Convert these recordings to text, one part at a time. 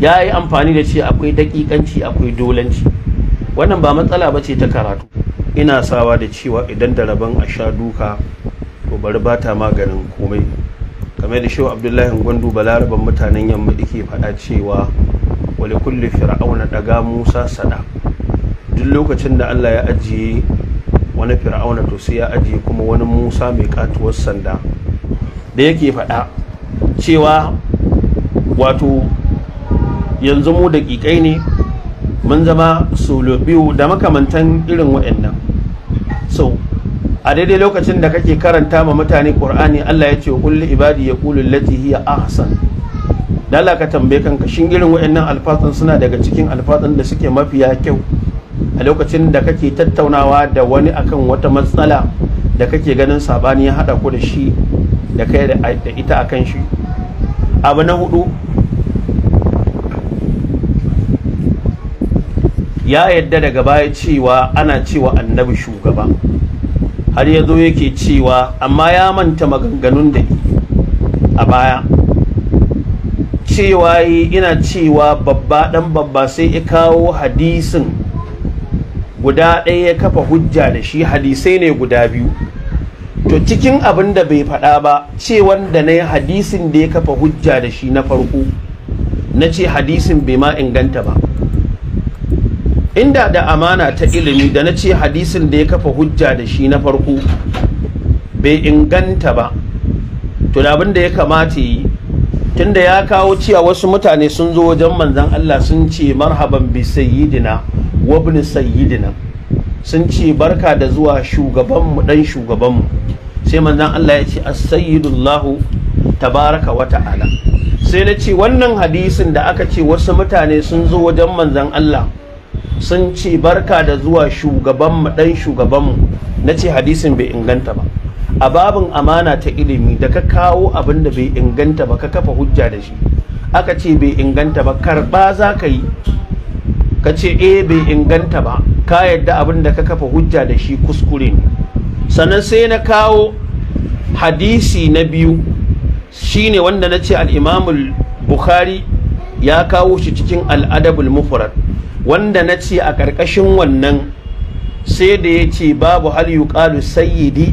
ya yi amfani da ce akwai dakikanci akwai dolanci wannan ba matsala ba ce ta karatu ina sawa da cewa idan da rabon a sha duka to bari ba ta maganin komai game da shehu abdullahi gwandu balaraban mutanen yamma yake faɗa cewa wali kulle fir'auna daga musa sada duk lokacin da allah ya ajiye wani fir'auna to sai ya ajiye kuma wani musa mai katuwar sanda da yake faɗa cewa wato yanzu mu daƙiƙai ne mun zama solo biyu da makamantan irin waɗannan so a daidai lokacin da kake karanta ma mutane Qur'ani Allah ya ce kulli ibadi yaqulu allati hiya ahsan dala ka tambaye kanka shin irin wayannan alfatsan suna daga cikin alfatsan da suke mafiya kyau a lokacin da kake tattaunawa da wani akan wata matsala da kake ganin sabani ya hada ku da shi da kai da ita akan shi abu na hudu ya yadda daga baya cewa ana cewa annabi shugaba har ya zo yake cewa amma ya manta maganganun da a baya cewa yi ina cewa babba dan babba sai ya kawo hadisin guda ɗaya ya kafa hujja da shi hadisai ne guda biyu to cikin abin da bai faɗa ba cewan da na yi hadisin da ya kafa hujja da shi na farko na ce hadisin bai ma inganta ba inda da amana ta ilimi da na ce hadisin da ya kafa hujja da shi na farko bai inganta ba to da abin da ya kamata yi tunda ya kawo cewa wasu mutane sun zo wajen manzan Allah sun ce marhaban bi sayyidina wa ibn sayyidina sun ce barka da zuwa shugaban mu dan shugaban mu." sai manzan Allah ya ce as-sayyidullahu tabaraka wa ta'ala sai na ce wannan hadisin da aka ce wasu mutane sun zo wajen manzan Allah sun ce barka da zuwa shugabanmu ɗan shugabanmu na ce hadisin bai inganta ba a babin amana ta ilimi da ka kawo abin da bai inganta ba ka kafa hujja da shi aka ce bai inganta ba karɓa za ka yi ka ce eh bai inganta ba ka yadda abin da ka kafa hujja da shi kuskure ne sannan sai na kawo hadisi na biyu shine wanda na ce al'imamul bukhari ya kawo shi cikin al'adabul mufrad wanda na ce a ƙarƙashin wannan sai da ya ce babu hal yuqalu sayyidi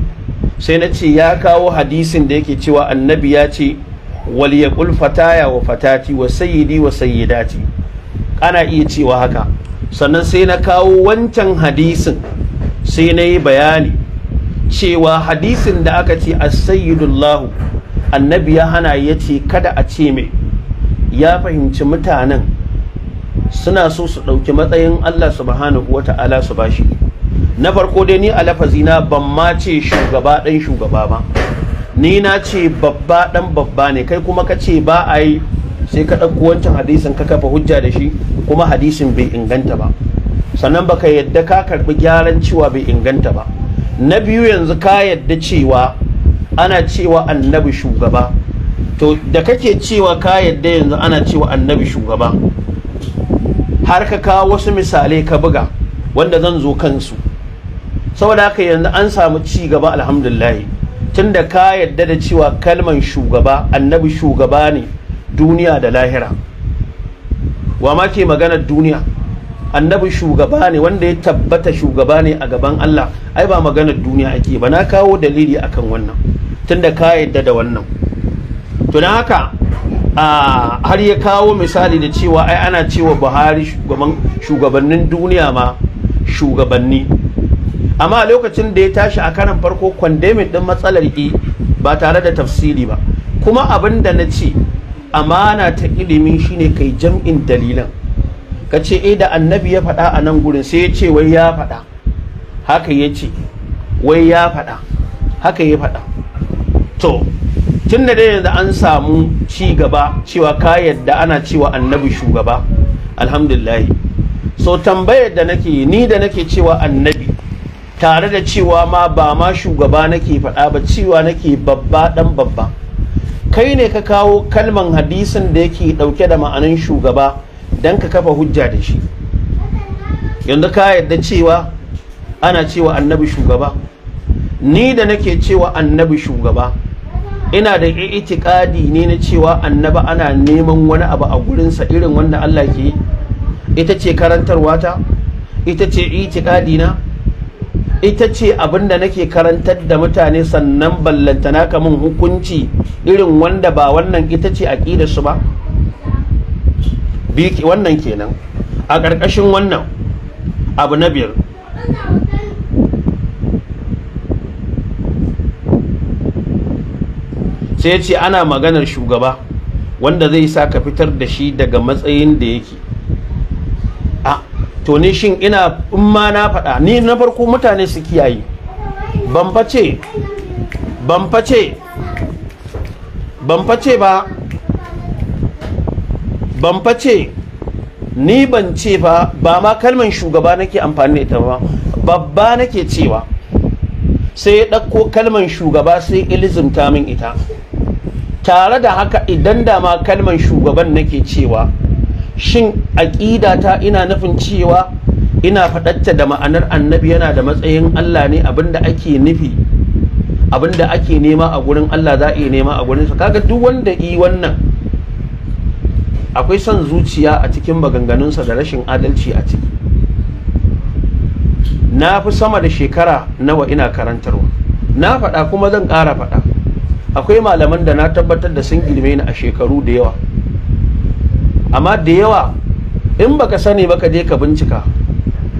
sai na ce ya kawo hadisin da yake cewa annabi ya ce wal yaqul fataya wa fatati wa sayyidi wa sayyidati ana iya cewa haka sannan sai na kawo wancan hadisin sai na yi bayani cewa hadisin da aka ce as-sayyidullahu annabi ya hana ya ce kada a ce mai ya fahimci mutanen suna so su ɗauki matsayin Allah subhanahu wa ta'ala su bashi na farko dai ni a lafazina ban ma ce shugaba ɗan shugaba ba ni na ce babba ɗan babba ne kai kuma ka ce ba a yi sai ka ɗauko wancan hadisin ka kafa hujja da shi kuma hadisin bai inganta ba sannan baka yadda ka karɓi gyaran cewa bai inganta ba na biyu yanzu ka yadda cewa ana cewa annabi shugaba to da kake cewa ka yadda yanzu ana cewa annabi shugaba har ka kawo wasu misalai ka buga wanda zan zo kansu saboda haka yanzu an samu ci gaba alhamdulillah tunda ka yadda da cewa kalman shugaba annabi shugaba ne duniya da lahira wa ma ke maganar duniya annabi shugaba ne wanda ya tabbata shugaba ne a gaban Allah ai ba maganar duniya ake ba na kawo dalili akan wannan tunda ka yadda da wannan to haka har ya kawo misali da cewa ai ana cewa buhari shugabannin duniya ma shugabanni amma a lokacin da ya tashi a karan farko kwandemin din matsalar ki e ba tare da tafsiri ba kuma abin da na ce amana ta ilimi shine kai jam'in dalilan ka ce eh da annabi ya faɗa a nan gurin sai ya ce wai ya faɗa haka ya ce wai ya faɗa haka ya faɗa to tun da dai yanzu an samu ci gaba cewa ka yadda ana cewa annabi shugaba alhamdulillahi so tambayar da nake ni da nake cewa annabi tare da cewa ma ba ma shugaba nake faɗa ba cewa nake babba dan babba kai ne ka kawo kalman hadisin da yake ɗauke da ma'anin shugaba don ka kafa hujja da shi yanzu ka yadda cewa ana cewa annabi shugaba ni da nake cewa annabi shugaba ina da itikadi ne na cewa annaba ana neman wani abu a gurinsa irin wanda Allah ke ita ce karantarwa ta ita ce itikadi na ita ce abinda nake karantar da mutane sannan ballantana kamun hukunci irin wanda ba wannan ita ce aqidar su ba wannan kenan a ƙarƙashin wannan abu na biyar sai ya ce ana maganar shugaba wanda zai sa ka fitar da shi daga matsayin da yake a to ni shin ina in ma na faɗa ni na farko mutane su kiyaye ban face ban ba ban ni ban ce ba ba ma kalman shugaba nake amfani da ita ba babba nake cewa sai ya ɗauko kalman shugaba sai ilizimta min ita tare da haka idan da ma kalman shugaban nake cewa shin aƙida ta ina nufin cewa ina faɗatta da ma'anar annabi yana da matsayin Allah ne abinda ake nufi abinda ake nema a gurin Allah za a iya nema a gurin sa kaga duk wanda yi wannan akwai son zuciya a cikin maganganunsa da rashin adalci a ciki na fi sama da shekara nawa ina karantarwa na faɗa kuma zan ƙara faɗa akwai malaman da na tabbatar da sun girme ni a shekaru da yawa amma da yawa in baka sani baka je ka bincika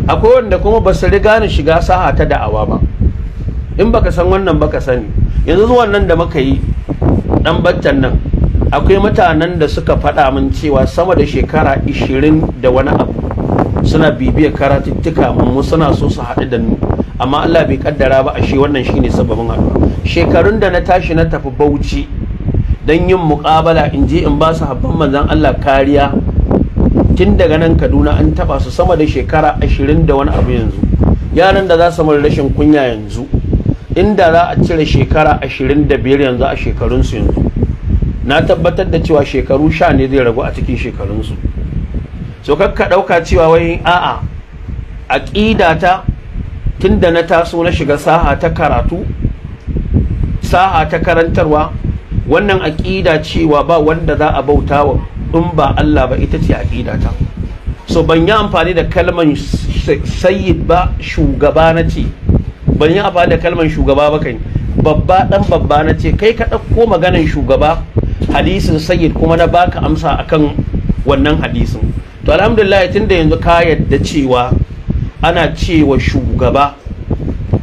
akwai wanda kuma ba su riga ni shiga saha ta da'awa ba in baka san wannan baka sani yanzu zuwan nan da muka yi dan baccan nan akwai mutanen da suka faɗa min cewa sama da shekara 20 da wani abu suna bibiyar karatuttuka mu suna so su haɗu da ni amma Allah bai kaddara ba ashe wannan shine sababin haka shekarun da na tashi na tafi Bauchi dan yin muƙabala in je in ba su habban manzon Allah kariya tun daga nan Kaduna an taba su sama da shekara ashirin da wani abu yanzu yaran da za su mara rashin kunya yanzu inda za a cire shekara ashirin da biyar yanzu a shekarunsu yanzu na tabbatar da cewa shekaru sha ne zai ragu a cikin shekarunsu so kakka ɗauka cewa wai a'a a ƙidata. tunda na taso na shiga saha ta karatu saha ta karantarwa wannan aƙida cewa ba wanda za a bauta wa in ba Allah ba ita ce aqida ta so ban yi amfani da kalman sayyid ba shugaba na ce ban yi amfani da kalman shugaba ba kai babba dan babba na ce kai ka ɗauko maganan shugaba hadisin sayyid kuma na baka amsa akan wannan hadisin to alhamdulillah tunda yanzu ka yadda cewa ana cewa shugaba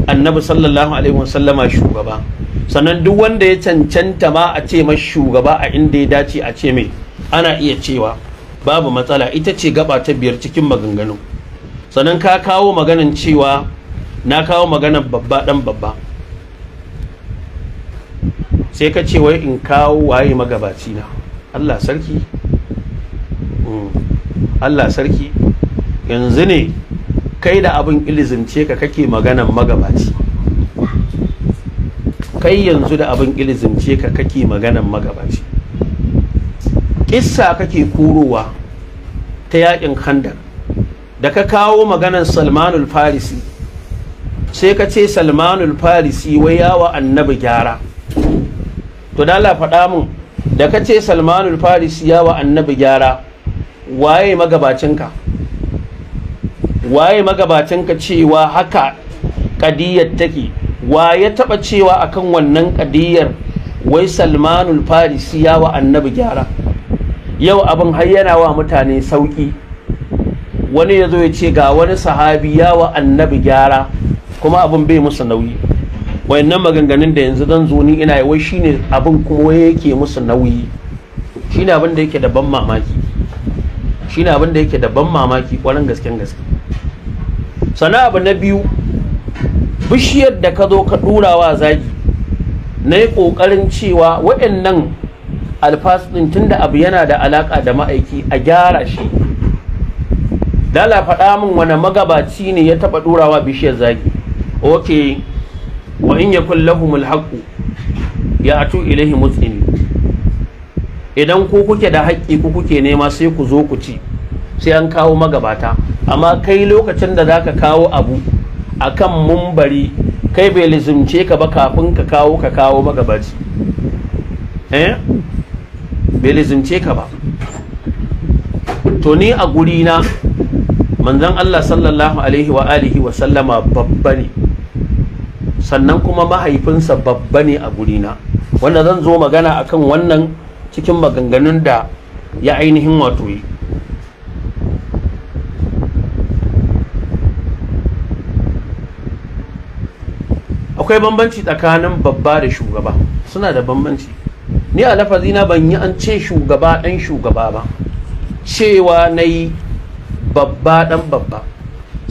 annabi sallallahu alaihi wasallama shugaba sannan duk wanda ya cancanta ma a ce mai shugaba a inda ya dace a ce mai ana iya cewa babu matsala ita ce gaba ta biyar cikin maganganu sannan ka kawo maganan cewa na kawo maganan babba dan babba sai ka ce wai in kawo waye magabaci na Allah sarki hmm. Allah sarki yanzu ne kai da abin ilizince ka kake maganan magabaci kai yanzu da abin ilizince ka kake maganan magabaci kissa kake kurowa ta yakin khandar da ka kawo maganan salmanul farisi sai ka ce salmanul farisi wai yawa annabi gyara to dala faɗa mun da ka ce salmanul farisi yawa annabi gyara waye magabacinka waye magabatan ka cewa haka kadiyar take wa ya taba cewa akan wannan kadiyar wai salmanul farisi ya wa annabi gyara yau abin har yana wa mutane sauki wani ya zo ya ce ga wani sahabi ya wa annabi gyara kuma abin bai musu nauyi wayannan maganganun da yanzu zan zo ni ina wai shine abin kuma wai yake musu nauyi shine abin da yake da ban mamaki shine abin da yake da ban mamaki kwarin gasken gaske sana abu na biyu bishiyar da ka zo ka dura wa zagi na yi ƙoƙarin cewa waɗannan alfas ɗin tun da abu yana da alaƙa da ma'aiki a gyara shi dala faɗa min wani magabaci ne ya taɓa ɗurawa bishiyar zagi ok wa in yakun lahumul haqqu ya atu ilaihi mutsini idan ku kuke da haƙƙi ku kuke nema sai ku zo ku ci sai an kawo magabata amma kai lokacin da za ka kawo abu a akan mumbari kai bai lizumce ka ba kafin ka kawo ka kawo magabaci eh bai lizumce ka ba to ni a guri na manzon Allah sallallahu alaihi wa alihi wa sallama babba ne sannan kuma mahaifinsa babba ne a gurina na wanda zan zo magana akan wannan cikin maganganun da ya ainihin wato yi akwai bambanci tsakanin babba da shugaba suna da bambanci ni a lafazina ban yi an ce shugaba ɗan shugaba ba cewa na yi babba ɗan babba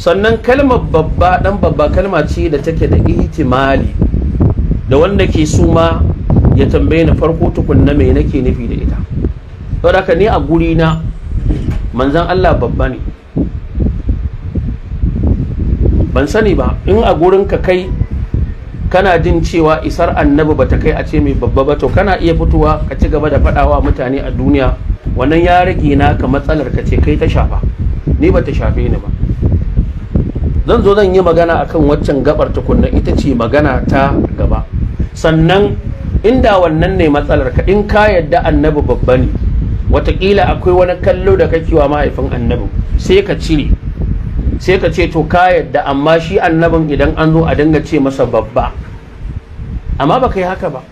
sannan kalmar babba ɗan babba kalma ce da take da ihtimali da wanda ke suma ya tambaye ni farko tukunna mai nake nufi da ita saboda ni a guri na manzan Allah babba ne ban sani ba in a gurin ka kai kana jin cewa isar annabi bata kai a ce mai babba ba to kana iya fitowa ka ci gaba da faɗawa mutane a duniya wannan ya rage naka matsalar ka ce kai ta shafa ni bata shafe ni ba zan zo zan yi magana akan waccan gabar tukunna ita ce magana ta gaba sannan inda wannan ne matsalar ka in ka yadda annabi babba ne wataƙila akwai wani kallo da kake wa mahaifin annabi sai ka cire sai ka ce to ka yadda amma shi annabin idan an zo a dinga ce masa babba amma ka yi haka ba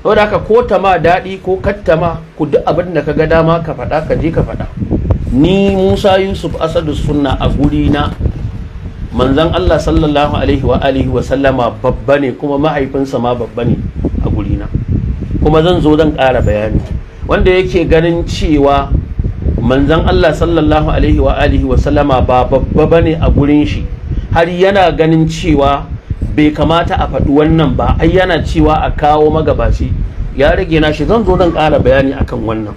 saboda haka ko ta ma daɗi ko kattama ku duk abin da ka ga dama ka faɗa ka je ka faɗa ni Musa Yusuf Asadu Sunna a guri na manzon Allah sallallahu alaihi wa alihi wa sallama babba ne kuma mahaifinsa ma babba ne a guri na kuma zan zo zan ƙara bayani wanda yake ganin cewa manzan Allah sallallahu alaihi wa alihi wa sallama ba babba bane a gurin shi har yana ganin cewa bai kamata a faɗi wannan ba ai yana cewa a kawo magabaci ya rage na shi zan zo zan ƙara bayani akan wannan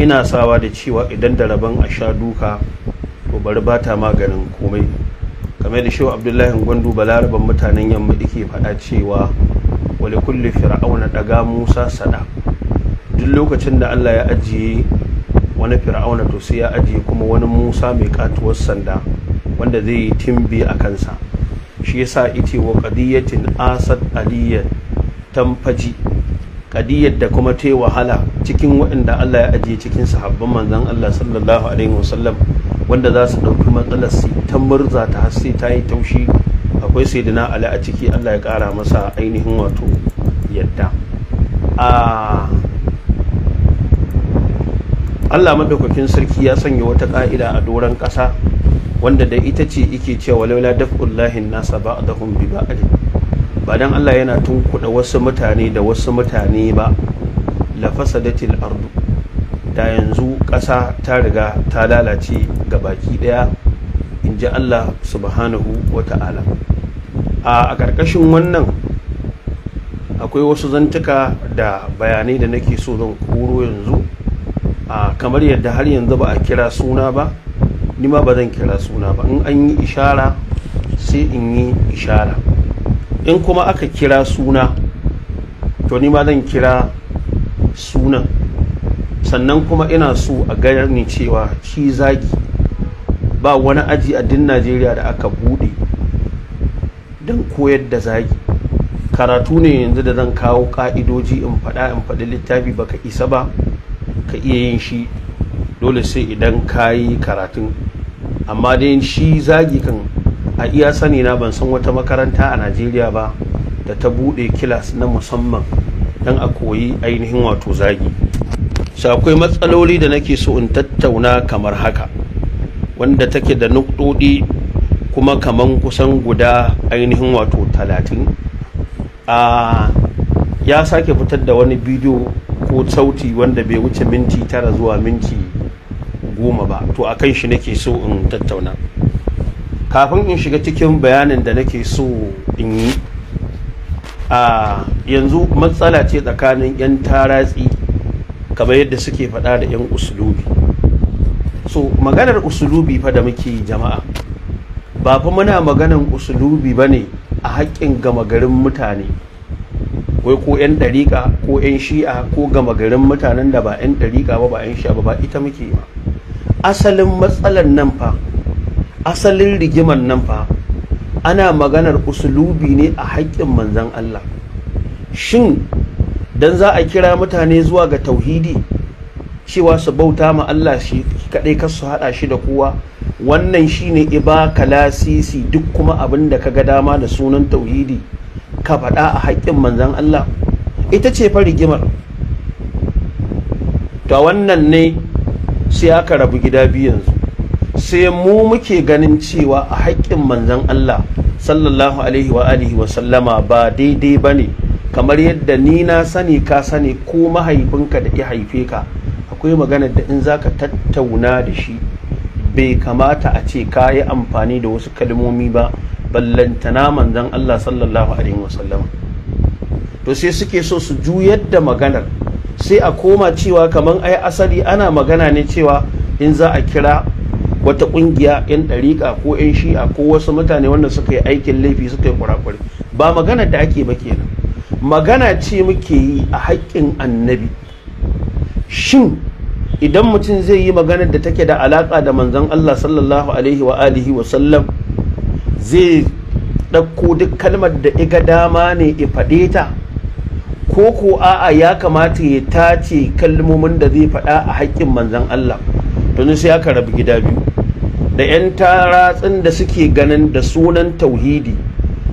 ina sawa da cewa idan da rabon a sha duka to bari ba ta maganin komai kamar da shehu abdullahi gwandu balaraban mutanen yamma yake faɗa cewa wali kulli fir'auna daga musa sada duk lokacin da allah ya ajiye wani fir'auna to sai ya ajiye kuma wani musa mai katuwar sanda wanda zai yi timbi a kansa shi yasa ita wa qadiyatin asad aliyar tamfaji qadiyar da kuma ta wahala cikin waɗanda Allah ya ajiye cikin sahabban manzan Allah sallallahu alaihi wasallam wanda za su ɗauki matsalar su ta murza ta har sai ta yi taushi akwai sayyidina Ali a ciki Allah ya ƙara masa ainihin wato yadda ah, Allah madaukakin sarki ya sanya wata ka'ida a doron ƙasa wanda da ita ce yake cewa laula daf'ullahi nasa ba ba'dahum bi ba'd ba dan Allah yana kuɗa wasu mutane da wasu mutane ba la fasadatil ardu da yanzu ƙasa ta riga ta lalace ga baki ɗaya, in ji Allah subhanahu wa ta'ala a ƙarƙashin wannan akwai wasu zantuka da bayanai da nake so zan koro yanzu a kamar yadda har yanzu ba a kira suna ba ni ma ba zan kira suna ba in an yi ishara sai in yi ishara in kuma aka kira suna to ni ma zan kira sunan sannan kuma ina so a gani cewa shi zagi ba wani aji a din najeriya da aka bude don koyar da zagi karatu ne yanzu da zan kawo ka'idoji in faɗa in faɗi littafi baka isa ba ka iya yin shi dole sai idan ka yi karatun amma dai shi zagi kan a iya sani na ban san wata makaranta a najeriya ba da ta bude kilas na musamman don a koyi ainihin wato zagi su akwai matsaloli da nake so in tattauna kamar haka wanda take da nukdodi kuma kaman kusan guda ainihin wato talatin ah, ya sake fitar da wani bidiyo ko sauti wanda bai wuce minti tara zuwa minti goma ba to a kan shi nake so in tattauna kafin in shiga cikin bayanin da nake so in yi a yanzu matsala ce tsakanin 'yan taratsi kamar yadda suke faɗa da 'yan usulubi so maganar usulubi fa da muke jama'a ba fa muna maganar usulubi ba ne a haƙƙin gama garin mutane wai ko 'yan ɗariƙa ko 'yan shi'a ko gama garin mutanen da ba 'yan ɗariƙa ba ba 'yan shi'a ba ba ita muke ma asalin matsalar nan fa asalin rigiman nan fa ana maganar usulubi ne a haƙƙin manzan Allah shin dan za a kira mutane zuwa ga tauhidi cewa su bauta ma Allah shi kaɗai kar su haɗa shi da kowa wannan shine iba kalasisi duk kuma abin da ka ga dama da sunan tauhidi ka faɗa a haƙƙin manzan Allah ita ce fa rigimar ta wannan ne sai aka rabu gida biyu yanzu sai mu muke ganin cewa a haƙƙin manzan Allah sallallahu alaihi wa alihi wa sallama ba daidai ba ne kamar yadda ni na sani ka sani ko mahaifinka da ya haife ka akwai magana da in zaka tattauna da shi bai kamata a ce ka yi amfani da wasu kalmomi ba ballantana Manzan, Allah sallallahu alaihi wasallam to sai suke so su juyar da maganar sai a koma cewa kamar ai asali ana magana ne cewa in za a kira wata kungiya yan ɗariƙa ko yan shi'a ko wasu mutane wanda suka yi aikin laifi suka yi kurakuri ba magana da ake ba kenan magana ce muke yi a haƙƙin annabi shin idan mutum zai yi maganar da take da alaƙa da manzon Allah sallallahu alaihi wa alihi wa sallam zai ɗauko duk kalmar da iga dama ne i faɗe ta ko ko a'a ya kamata ya tace kalmomin da zai faɗa a haƙƙin manzan Allah domin sai aka rabu gida biyu da 'yan taratsin da suke ganin da sunan tauhidi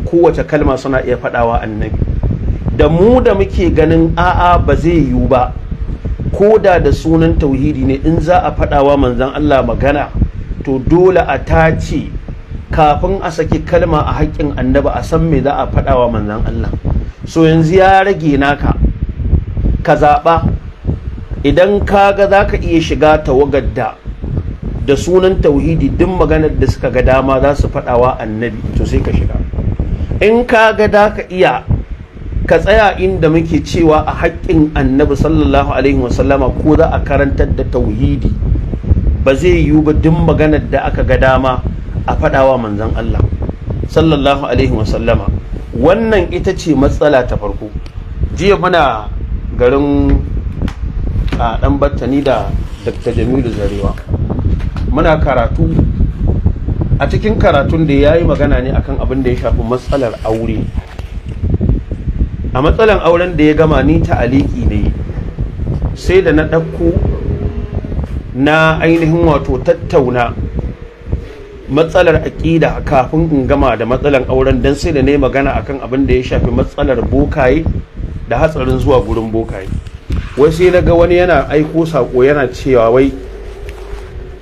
kowace kalma suna iya faɗawa annabi da mu da muke ganin a'a ba zai yiwu ba ko da da sunan tauhidi ne in za a faɗawa manzan Allah magana to dole a tace kafin a saki kalma a haƙƙin annaba a san me za a faɗawa manzan Allah so yanzu ya rage naka ka zaɓa idan ka ga za ka iya shiga tawagar da da sunan tauhidi duk maganar da suka ga dama za su wa annabi to sai ka shiga in ka ga za ka iya ka tsaya inda muke cewa a haƙƙin annabi sallallahu alaihi wasallama ko za a karantar da tauhidi ba zai yiwu ba duk maganar da aka ga dama a faɗawa manzan Allah sallallahu alaihi wasallama wannan ita ce matsala ta farko jiya muna garin a ɗan battani da dr jamilu zarewa muna karatu a cikin karatun da ya yi magana ne akan abin da ya shafi matsalar aure a matsalar auren da ya gama ni ta aliki ne sai da na ɗauko na ainihin wato tattauna matsalar aƙida kafin in gama da matsalar auren don sai da ne magana akan abin da ya shafi matsalar bokaye da hatsarin zuwa gurin bokaye wai sai na ga wani yana aiko sako yana cewa wai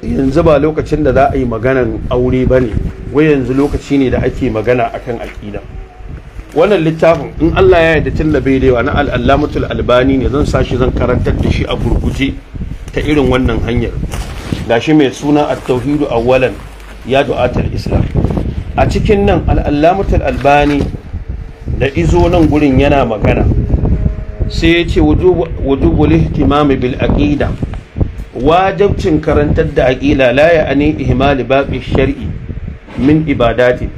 yanzu ba lokacin da za a yi maganan aure ba ne wai yanzu lokaci ne da ake magana akan aƙida wannan littafin in allah ya yarda tun da bai da na al'allamatul albani ne zan sashi zan karantar da shi a gurguje ta irin wannan hanyar gashi mai suna at-tauhidu awwalan ya du'atul islam a cikin nan al'allamatul albani da izo nan gurin yana magana sai ya ce wujubul ihtimami bil aqida Wajabcin karantar da aqila la ya'ani ihmali baqi shar'i min ibadati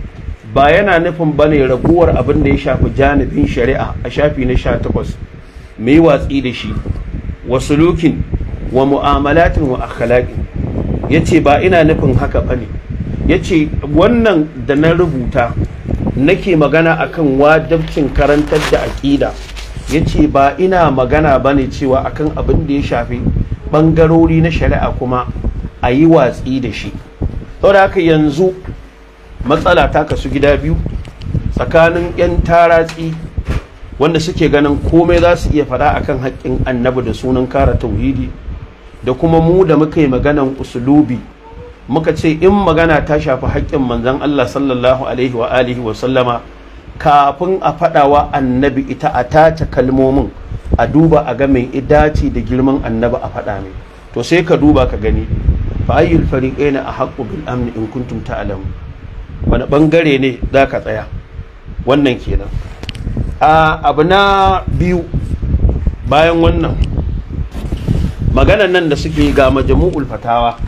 ba yana nufin bane raguwar abin da ya shafi janibin shari'a a shafi na 18 mai watsi da shi wa sulukin wa mu'amalatin wa akhlaqin yace ba ina nufin haka bane ya ce wannan da na rubuta nake magana akan wadabcin karantar da aƙida ya ce ba ina magana ba ne cewa akan abin da ya shafi ɓangarori na shari'a kuma a yi watsi da shi saboda haka yanzu matsala ta kasu gida biyu tsakanin 'yan taratsi wanda suke ganin komai za su iya faɗa akan haƙƙin annabi da sunan kara tauhidi da kuma mu da muka yi maganan usulubi muka ce in magana ta shafi haƙƙin manzon Allah sallallahu alaihi wa alihi wa sallama kafin a faɗawa annabi ita a tace kalmomin a duba a ga mai idaci da girman annabi a faɗa mai to sai ka duba ka gani fa ayyul fariqaina ahqqu bil amn in kuntum ta'lamun wani bangare ne za ka tsaya wannan kenan a abu na biyu bayan wannan maganan nan da suke ga majmu'ul fatawa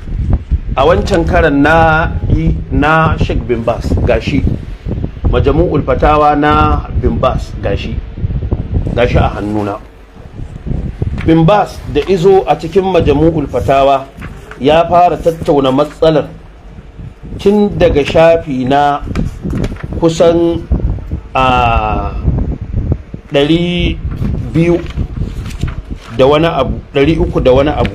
a wancan karan na yi na Sheikh bin Bas gashi majamu'ul fatawa na bin Bas gashi gashi a hannuna bin Bas da izo a cikin majamu'ul fatawa ya fara tattauna matsalar tun daga shafi na kusan a ɗari biyu da wani abu ɗari uku da wani abu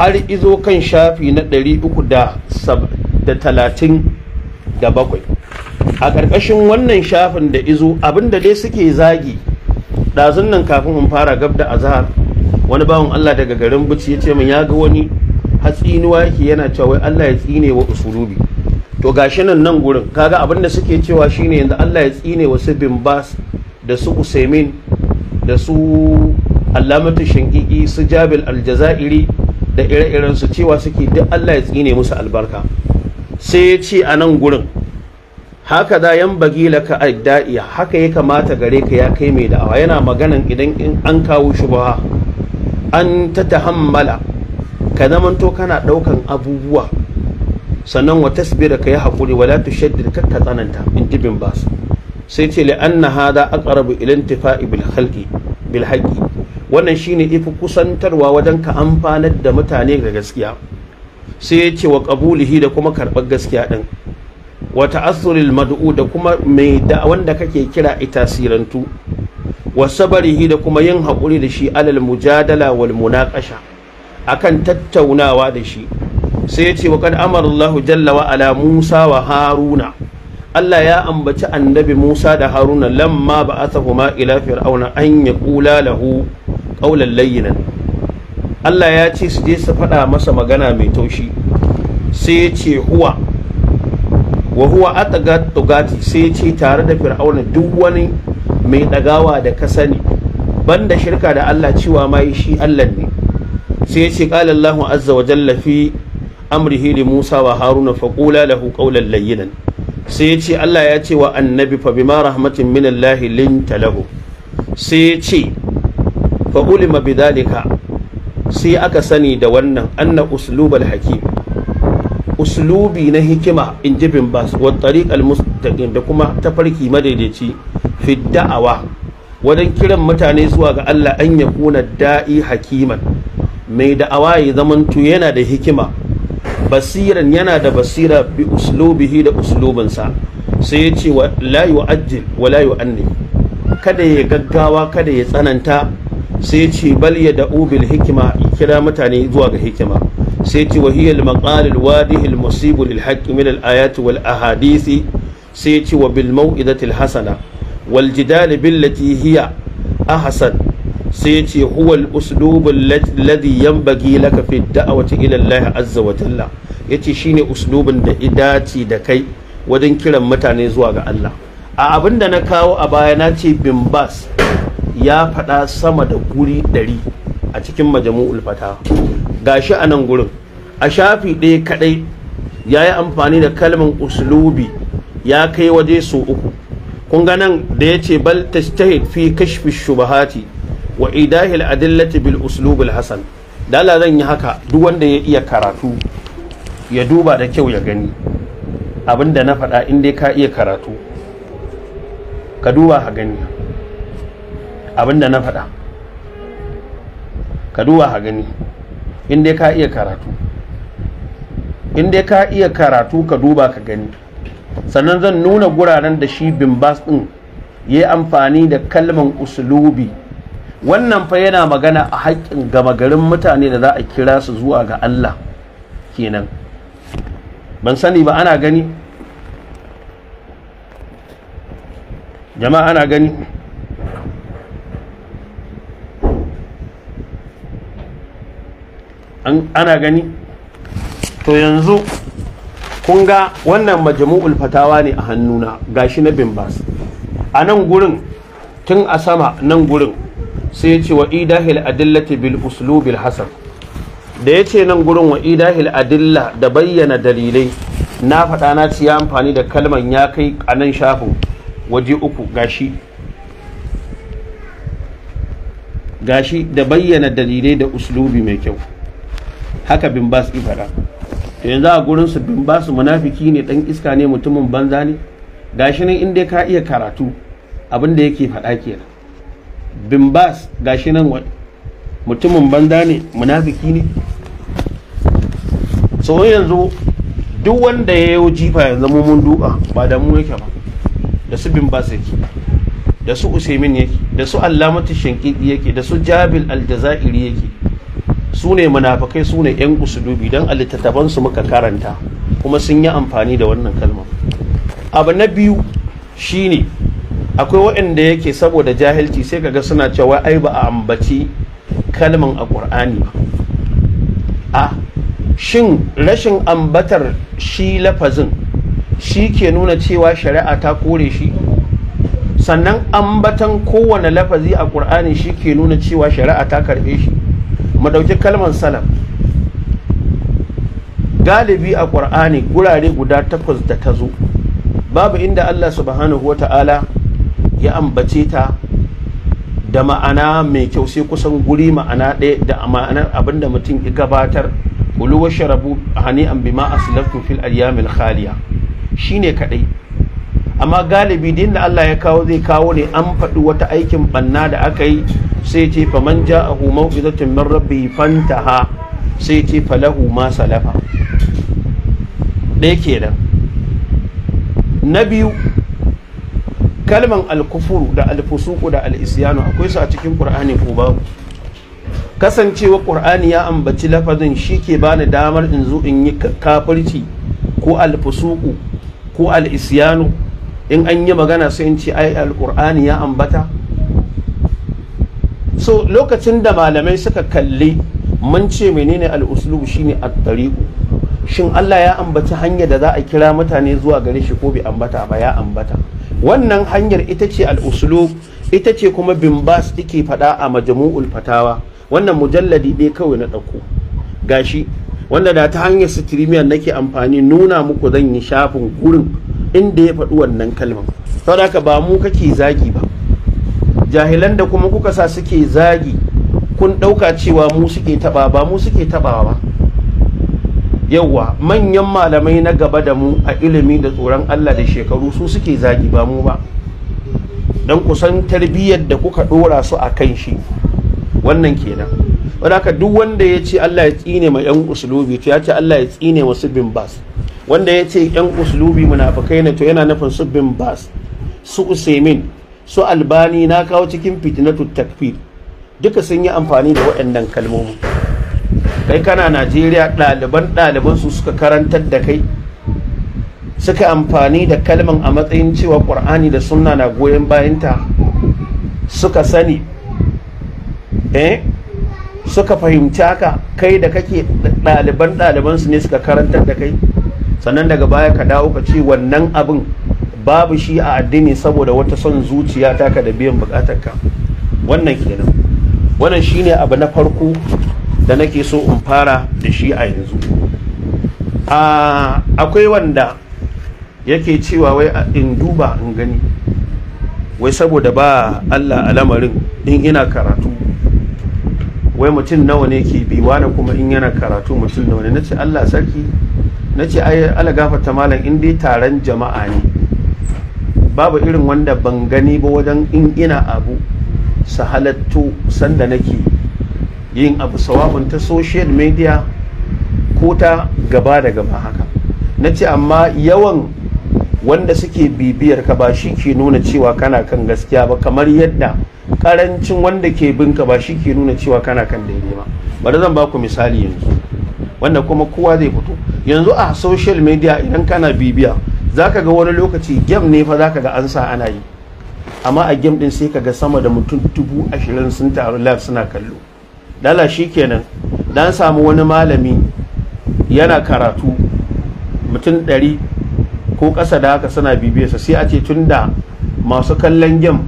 har izo kan shafi na 337 a ƙarƙashin wannan shafin da izo abinda dai suke zagi ɗazun nan kafin in fara gab da azhar wani bawan Allah daga garin buci ya ce min ya ga wani hatsiniwa yake yana cewa Allah ya tsine wa usulubi to gashi nan nan gurin kaga abin da suke cewa shine yanzu Allah ya tsine wa su bin da su usaimin da su alamatu shinkiki su jabil aljazairi da ire-iren su cewa suke duk Allah ya tsine musu albarka sai ya ce a nan gurin haka da yan bagi laka adda'i haka ya kamata gare ka ya kai mai da'awa yana maganan idan an kawo shubha an ta tahammala ka zamanto kana daukan abubuwa sannan wa tasbira ka yi haƙuri wala tushaddid ka tsananta in jibin basu sai ce li'anna hada aqrabu ila intifa'i bil khalqi bil haqqi wannan shine ifi kusantarwa wajen ka amfanar da mutane ga gaskiya sai ya ce wa qabulihi da kuma karɓar gaskiya ɗin. Wata asirin mad'u da kuma mai da wanda kake kira itasirantu wa sabarihi da kuma yin haƙuri da shi alal mujadala wal munaqasha akan tattaunawa da shi sai ya ce wa kad amara Allah jalla wa ala Musa wa Haruna Allah ya ambaci annabi Musa da Haruna lamma ba'athahuma ila fir'auna an yaqula lahu qaulan layyinan Allah ya ce su je su faɗa masa magana mai taushi sai ya ce huwa wa huwa ataga tugati sai ce tare da fir'auna duk wani mai ɗagawa da ka sani banda shirka da Allah cewa ma yi shi Allah ne sai ya ce qala Allahu azza wa jalla fi amrihi Musa wa Haruna faqula lahu qawlan layyinan sai ce Allah ya ce wa annabi fa bima rahmatin min Allah sai ya ce fa ulima bidalika sai aka sani da wannan anna uslubal hakim uslubi na hikima in jibin bas wa tariq al da kuma tafarki madaidaici fi da'awa wajen kiran mutane zuwa ga Allah an ya kuna da'i hakiman mai da'awa ya zamantu yana da hikima basiran yana da basira bi uslubihi da uslubinsa sai ya ce wa la yu'ajjil wa la yu'anni kada ya gaggawa kada ya tsananta sai ce bal ya da'u bil hikima kira mutane zuwa ga hikima sai ce hiyal maqalil wadihil musibu lil haqqi min al ayati wal ahadisi sai ce wa bil mau'izatil hasana wal jidali billati hiya ahsan sai ce huwa al uslub alladhi yanbaghi laka fi da'wati ila Allah azza wa jalla yace shine uslubin da idaci da kai wajen kiran mutane zuwa ga Allah a abinda na kawo a baya na ce bimbas ya faɗa sama da guri ɗari a cikin majamu'ul fata shi a nan gurin a shafi ɗaya kaɗai ya yi amfani da kalmar uslubi ya kai waje su uku kun ga nan da ya ce bal tajtahid fi kashfi shubahati wa idahil adillati bil uslubil hasan dala zan yi haka duk wanda ya iya karatu ya duba da kyau ya gani abinda na faɗa in dai ka iya karatu ka duba a gani abinda na faɗa ka duba a gani in ka iya karatu inda ka iya karatu ka duba ka gani sannan zan nuna guraren da shi bimbas ɗin ya yi amfani da kalman usulubi wannan fa yana magana a haƙƙin gama garin mutane da za a kira su zuwa ga Allah kenan ban sani ba ana gani jama'a ana gani ana gani to yanzu kun ga wannan majmu'ul fatawa ne a hannuna gashi na bimbas a nan gurin tun a sama nan gurin sai ya ce wa idahil adillati bil uslubil hasan da ya ce nan gurin wa idahil adilla da bayyana dalilai na faɗa na ci ya amfani da kalman ya kai a nan shafin waje uku gashi gashi da bayyana dalilai da uslubi mai kyau haka bin bas ifada to yanzu a gurin su bin bas munafiki ne dan iska ne mutumin banza ne gashi nan inda ka iya karatu abin da yake faɗa kenan bin bas gashi nan mutumin banza ne munafiki ne so yanzu duk wanda ya yi jifa ya zama mun duka ba da mu yake ba da su bin bas yake da su usaimin yake da su allamatu shankiki yake da su jabil aljazairi yake su ne munafikai su ne yan usulubi don a littattafansu muka karanta kuma sun yi amfani da wannan kalmar abu na biyu shine akwai waɗanda yake saboda jahilci sai kaga suna cewa ai ba a ambaci kalman a ƙur'ani ba a shin rashin ambatar shi lafazin shi ke nuna cewa shari'a ta kore shi sannan ambatan kowane lafazi a ƙur'ani shi ke nuna cewa shari'a ta karɓe shi mu ɗauki kalmar salam galibi a ƙwar'ani gurare guda takwas da ta zo babu inda allah subhanahu wa ta'ala ya ambace ta da ma'ana mai kyau sai kusan guri ma'ana ɗaya da ma'anar abinda mutum ya gabatar buluwar sharabu a hani an bima aslaftu fil ayyamil khaliya shine kadai amma galibi din da Allah ya kawo zai kawo ne an faɗi wata aikin banna da aka yi sai ce fa man ja'ahu maw'izatun min rabbi fantaha sai ce fa lahu ma salafa ɗaya kenan na biyu kalman alkufuru da alfusuku da al'isyanu akwai su a cikin ƙur'ani ko ba kasancewa ƙur'ani ya ambaci lafazin shi ke bani damar in zo in yi kafirci ko alfusuku ko al'isyanu in an yi magana sai in ce ai alkur'ani ya ambata so lokacin da malamai suka kalli mun ce menene al'uslubu shine at-tariqu shin Allah ya ambaci hanyar da za a kira mutane zuwa gare shi ko bai ambata ba ya ambata wannan hanyar ita ce al'uslub ita ce kuma bimbas take faɗa a majmu'ul fatawa wannan mujalladi ne kawai na ɗauko gashi wanda da ta hanyar sitrimiyar nake amfani nuna muku zan yi shafin gurin inda ya faɗi wannan kalmar saboda haka ba mu kake zagi ba jahilan da kuma kuka sa suke zagi kun ɗauka cewa mu suke taɓa ba mu suke taɓa ba yauwa manyan malamai na gaba da mu a ilimi da tsoron Allah da shekaru su suke zagi ba mu ba Dan kusan tarbiyyar da kuka ɗora su a kan shi wannan kenan wadaka duk wanda ya ce Allah ya tsine ma 'yan usulobi to ya ce Allah ya tsine masu bin bas wanda ya ce yan uslubi munafikai na to yana nufin su bin bas su usaimin su albani na kawo cikin fitinatu takfir duka sun yi amfani da waɗannan kalmomi kai kana najeriya ɗaliban ɗaliban su suka karantar da kai suka amfani da kalman a matsayin cewa ƙur'ani da sunna na goyon bayanta suka sani eh suka fahimci haka kai da kake ɗaliban ɗalibansu ne suka karantar da kai sannan daga baya ka dawo ka ce wannan abin babu shi a addini saboda wata son zuciya taka da biyan bukatarka wannan kenan wannan shine abu na farko da nake so in fara da shi a yanzu akwai wanda yake cewa wai in duba in gani wai saboda ba Allah a lamarin in ina karatu wai mutum nawa ne ke biwa da kuma in yana karatu mutum nawa ne na ce Allah sarki na ce ayi ala gafarta malam in dai taron jama'a ne babu irin wanda ban gani ba wajen in ina abu su halattu sanda nake yin abu sawabin ta social media ko ta gaba da gaba haka na ce amma yawan wanda suke bibiyar ka ba shi ke nuna cewa kana kan gaskiya ba kamar yadda karancin wanda ke bin ka ba shi ke nuna cewa kana kan daidai ba bari zan ba ku misali yanzu wanda kuma kowa zai fito yanzu a social media idan kana bibiya zaka ga wani lokaci game ne fa zaka ga an ana yi amma a game din sai ka ga sama da mutum dubu ashirin sun taru live suna kallo dala shi kenan dan samu wani malami yana karatu mutum ɗari ko kasa da haka suna bibiyarsa sai a ce tun da masu kallon gem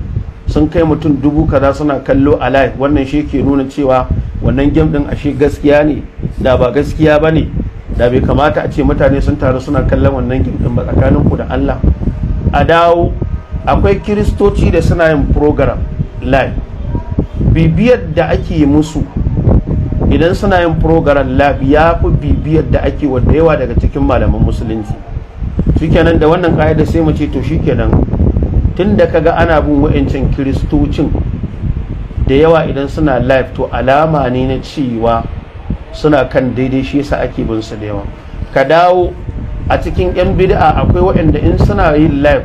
sun kai mutum dubu kaza suna kallo a live wannan shi ke nuna cewa wannan gem din ashe gaskiya ne da ba gaskiya ba ne da bai kamata a ce mutane sun taru suna kallon wannan gindin ba tsakanin ku da Allah a dawo akwai kiristoci da suna yin program live bibiyar da ake musu idan suna yin program live ya fi bibiyar da ake wadda yawa daga cikin malaman musulunci shikenan da wannan da sai mu ce to shikenan tun da kaga ana bin wa'ancin kiristocin da yawa idan suna live to alama ne na cewa suna kan daidai shi yasa ake bin su da yawa ka dawo a cikin yan bid'a akwai waɗanda in suna yin live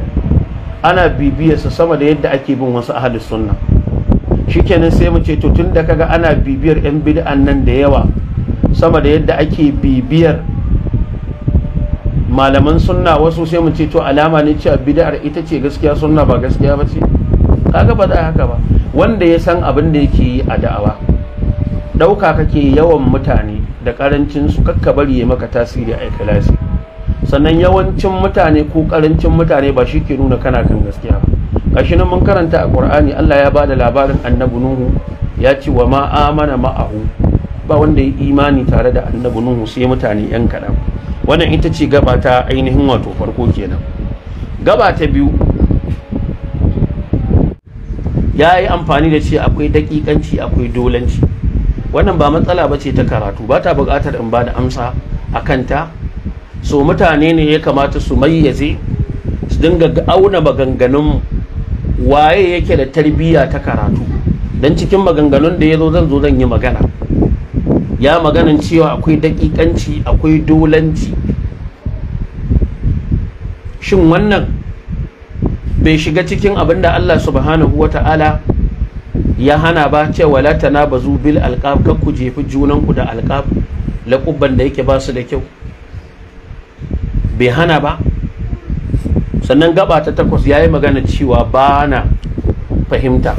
ana bibiya su sama da yadda ake bin wasu ahli sunna shikenan sai mu ce to tun da kaga ana bibiyar yan bid'an nan da yawa sama da yadda ake bibiyar malaman sunna wasu sai mu ce to alama ne cewa bid'ar ita ce gaskiya sunna ba gaskiya ba ce kaga ba da haka ba wanda ya san abin da yake yi a da'awa ɗauka kake yawan mutane da ƙarancinsu kakka bari ya maka tasiri a ikilasi sannan yawancin mutane ko ƙarancin mutane ba shi ke nuna kana kan gaskiya ba gashi nan mun karanta a ƙur'ani Allah ya ba da labarin annabi Nuhu ya ce wa ma amana ma'ahu ba wanda ya imani tare da annabi Nuhu sai mutane yan kaɗan wannan ita ce gaba ta ainihin wato farko kenan gaba ta biyu ya yi amfani da ce akwai dakikanci akwai dolanci wannan ba matsala ba ce ta karatu ba ta buƙatar in ba da amsa a kanta so mutane ne ya kamata su mayyaze su dinga auna maganganun waye yake da tarbiyya ta karatu don cikin maganganun da ya zo zan zo zan yi magana ya maganin cewa akwai daƙiƙanci akwai dolanci shin wannan bai shiga cikin abin da Allah subhanahu wa ta'ala ya hana ba ce wala ba bil alƙab kan ku jefi junanku da alƙab laƙubban da yake ba su da kyau bai hana ba sannan gaba ta takwas ya yi magana cewa ba na fahimta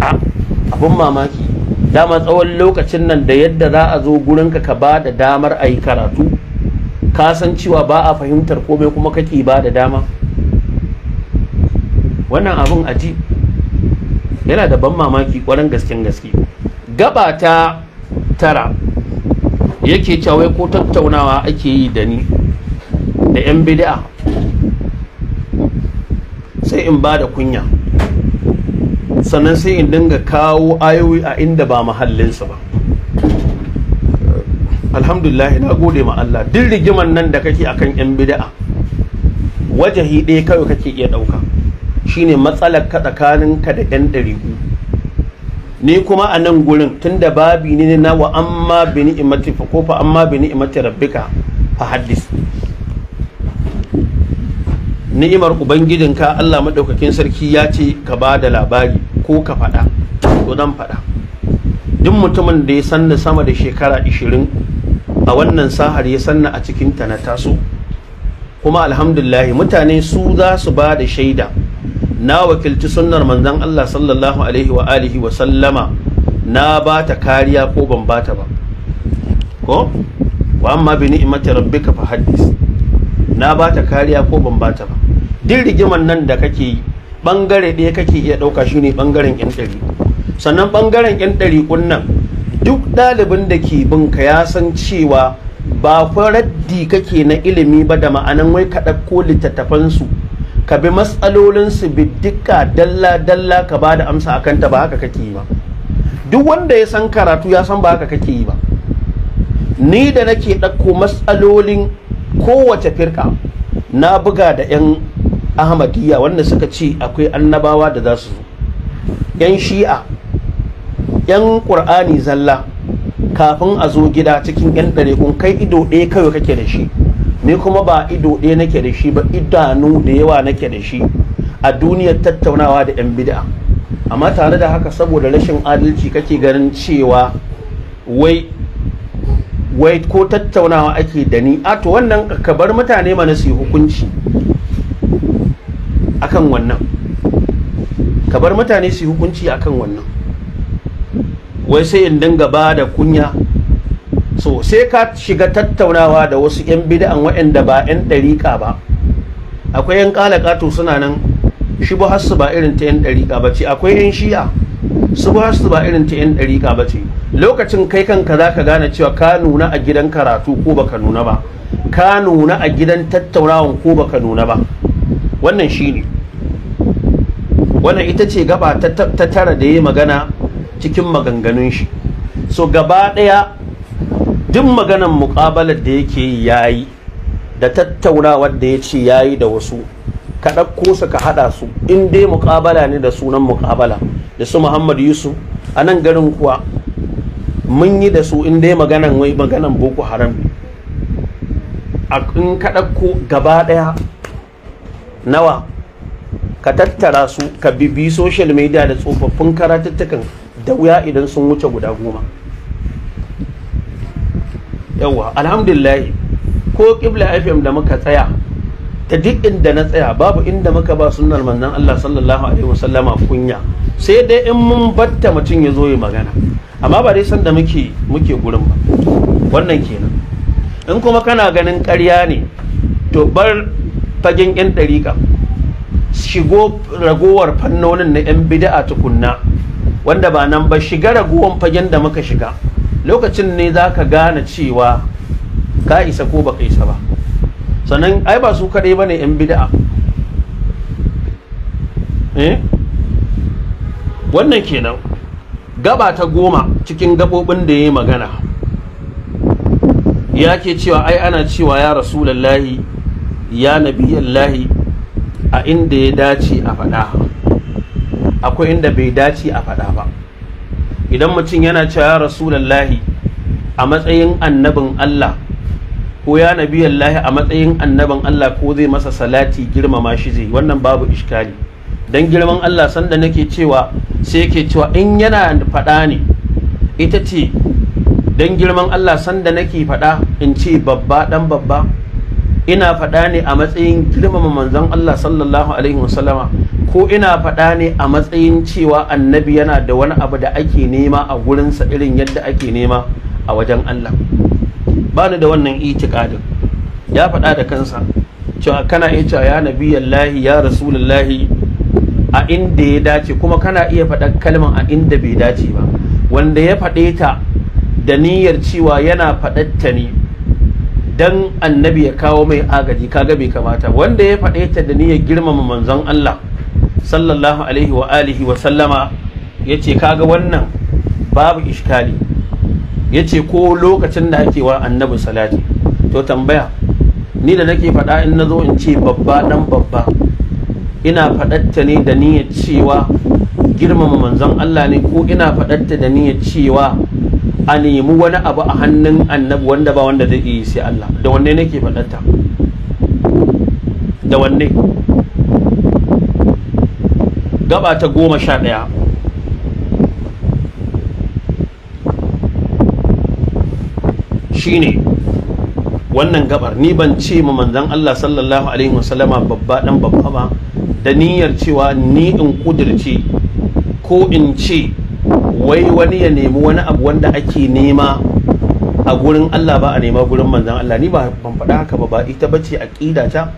abin mamaki dama tsawon lokacin nan da yadda za a zo gurinka ka ba da damar a yi karatu ka san cewa ba a fahimtar komai kuma kake ba da dama wannan abin aji yana da ban mamaki kwarin gasken gaske Gabata ta tara yake cewa ko tattaunawa ake yi da ni da 'yan bid'a sai in ba da kunya sannan sai in dinga kawo ayoyi a inda ba muhallinsa ba alhamdulillah na gode ma Allah duk rigiman nan da kake akan 'yan bid'a wajahi ɗaya kawai kake iya ɗauka shine matsalar ka tsakaninka da 'yan ɗari'u ni kuma a nan gurin tunda babi ne na wa amma bi imati fa ko fa amma bi imati rabbika fa haddis ni'imar ubangijinka Allah madaukakin sarki ya ce ka ba da labari ko ka faɗa ko zan faɗa duk mutumin da ya sanna sama da shekara 20 a wannan sahar ya sanna a cikin ta na taso kuma alhamdulillah mutane su za su ba da shaida na wakilci sunnar manzan Allah sallallahu alaihi wa alihi wa sallama na ba ta kariya ko ban ba ta ba ko wa amma bi ni'mati rabbika fa hadis na ba ta kariya ko ban ba ta ba duk rigiman nan da kake yi bangare ɗaya kake iya ɗauka shine bangaren yan ɗari sannan bangaren yan ɗari kunnan duk ɗalibin da ke binka ya san cewa ba fa raddi kake na ilimi ba da ma'anan wai ka ɗauko littattafansu ka bi matsalolinsu biddika dalla-dalla ka ba da amsa akan ta ba haka kake yi ba duk wanda ya san karatu ya san ba haka kake yi ba ni da nake ɗauko matsalolin kowace firka na buga da 'yan ahmadiyya wanda suka ce akwai annabawa da za su zo 'yan shi'a 'yan ƙur'ani zalla kafin a zo gida cikin 'yan ɗalekun kai ido ɗaya kawai kake da shi ni kuma ba ido ɗaya nake da shi ba idanu da yawa nake da shi a duniyar tattaunawa da 'yan bid'a amma tare da haka saboda rashin adalci kake ganin cewa wai wai ko tattaunawa ake da ni a to wannan ka bar mutane mana su yi hukunci akan wannan ka mutane su yi hukunci akan wannan wai sai in dinga ba da kunya so sai ka shiga tattaunawa da wasu 'yan bid'an waɗanda ba 'yan ɗariƙa ba akwai 'yan ƙalaƙato suna nan shi ba hasu ba irin ta 'yan ɗariƙa ba ce akwai 'yan shi'a su ba hasu ba irin ta 'yan ɗariƙa ba ce lokacin kai kanka za ka gane cewa ka nuna a gidan karatu ko ba ka nuna ba ka nuna a gidan tattaunawan ko ba ka nuna ba wannan shi ne wannan ita ce gaba ta tara da ya yi magana cikin maganganun shi so gaba ɗaya duk maganan mukabalar da yake yi yayi da tattaunawar da ya ce yayi da wasu ka ɗauko su ka haɗa su in dai muƙabala ne da sunan muƙabala da su Muhammad Yusuf a nan garin kuwa mun yi da su in dai maganan wai maganan Boko Haram a in ka ɗauko gaba ɗaya nawa ka tattara su ka bibi social media da tsofaffin karatuttukan da wuya idan sun wuce guda goma. yawwa alhamdulillah ko kibla fm da muka tsaya ta duk inda na tsaya babu inda muka ba sunnar manzon Allah sallallahu alaihi wasallama kunya sai dai in mun batta mutum ya zo ya magana amma ba dai san da muke muke gurin ba wannan kenan in kuma kana ganin ƙarya ne to bar fagen yan ɗariƙa shigo ragowar fannonin na yan bida'a tukunna wanda ba nan ba shiga ragowar fagen da muka shiga lokacin ne za ka gane cewa ka isa ko baka isa ba sannan ai ba su kaɗai ba ne 'yan bida'a eh? wannan kenan gaba ta goma cikin gabobin da ya yi magana ya ke cewa ai ana cewa ya rasulallahi ya nabiyallahi a inda ya dace a faɗa akwai inda bai dace a faɗa ba idan mutum yana cewa ya rasulallahi a matsayin annabin Allah ko ya nabi Allah a matsayin annabin Allah ko zai masa salati girmama shi zai wannan babu iskali dan girman Allah sanda nake cewa sai yake cewa in yana faɗa ne ita ce dan girman Allah sanda nake faɗa in ce babba dan babba ina faɗa ne a matsayin girmama manzon Allah sallallahu alaihi wasallama ko ina faɗa ne a matsayin cewa annabi yana da wani abu da ake nema a gurinsa irin yadda ake nema a wajen Allah ba ni da wannan itikadin ya faɗa da kansa cewa kana iya cewa ya yallahi ya rasulullahi a inda ya dace kuma kana iya faɗa kalman a inda bai dace ba wanda ya faɗe ta da niyyar cewa yana faɗatta ne dan annabi ya kawo mai agaji kaga bai kamata wanda ya faɗe ta da niyyar girmama manzon Allah sallallahu alaihi wa alihi wa sallama ya ce kaga wannan babu ishkali ya ce ko lokacin da ake wa annabi salati to tambaya ni da nake faɗa in na zo in ce babba dan babba ina faɗatta ne da niyyar cewa girmama manzon Allah ne ko ina faɗatta da niyyar cewa a nemi wani abu a hannun annabi wanda ba wanda zai yi sai Allah da wanne nake faɗatta da wanne gaba ta goma sha ɗaya shine wannan gabar ni ban ce ma manzan Allah sallallahu alaihi wasallama babba dan babba ba da niyyar cewa ni in kudirce ko in ce wai wani ya nemi wani abu wanda ake nema a gurin Allah ba a nema gurin manzan Allah ni ba ban faɗa haka ba ba ita bace aqida ta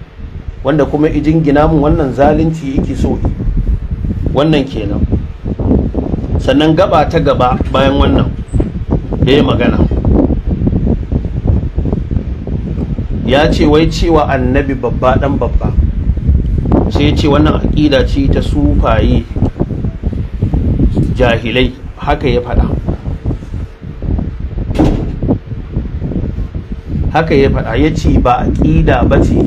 wanda kuma ijin gina mun wannan zalunci yake so wannan kenan sannan gaba ta gaba bayan wannan ya yi magana ya ce wai cewa annabi babba dan babba sai ce wannan aƙida ce ta sufaye jahilai haka ya faɗa haka ya faɗa ya ce ba aƙida ba ce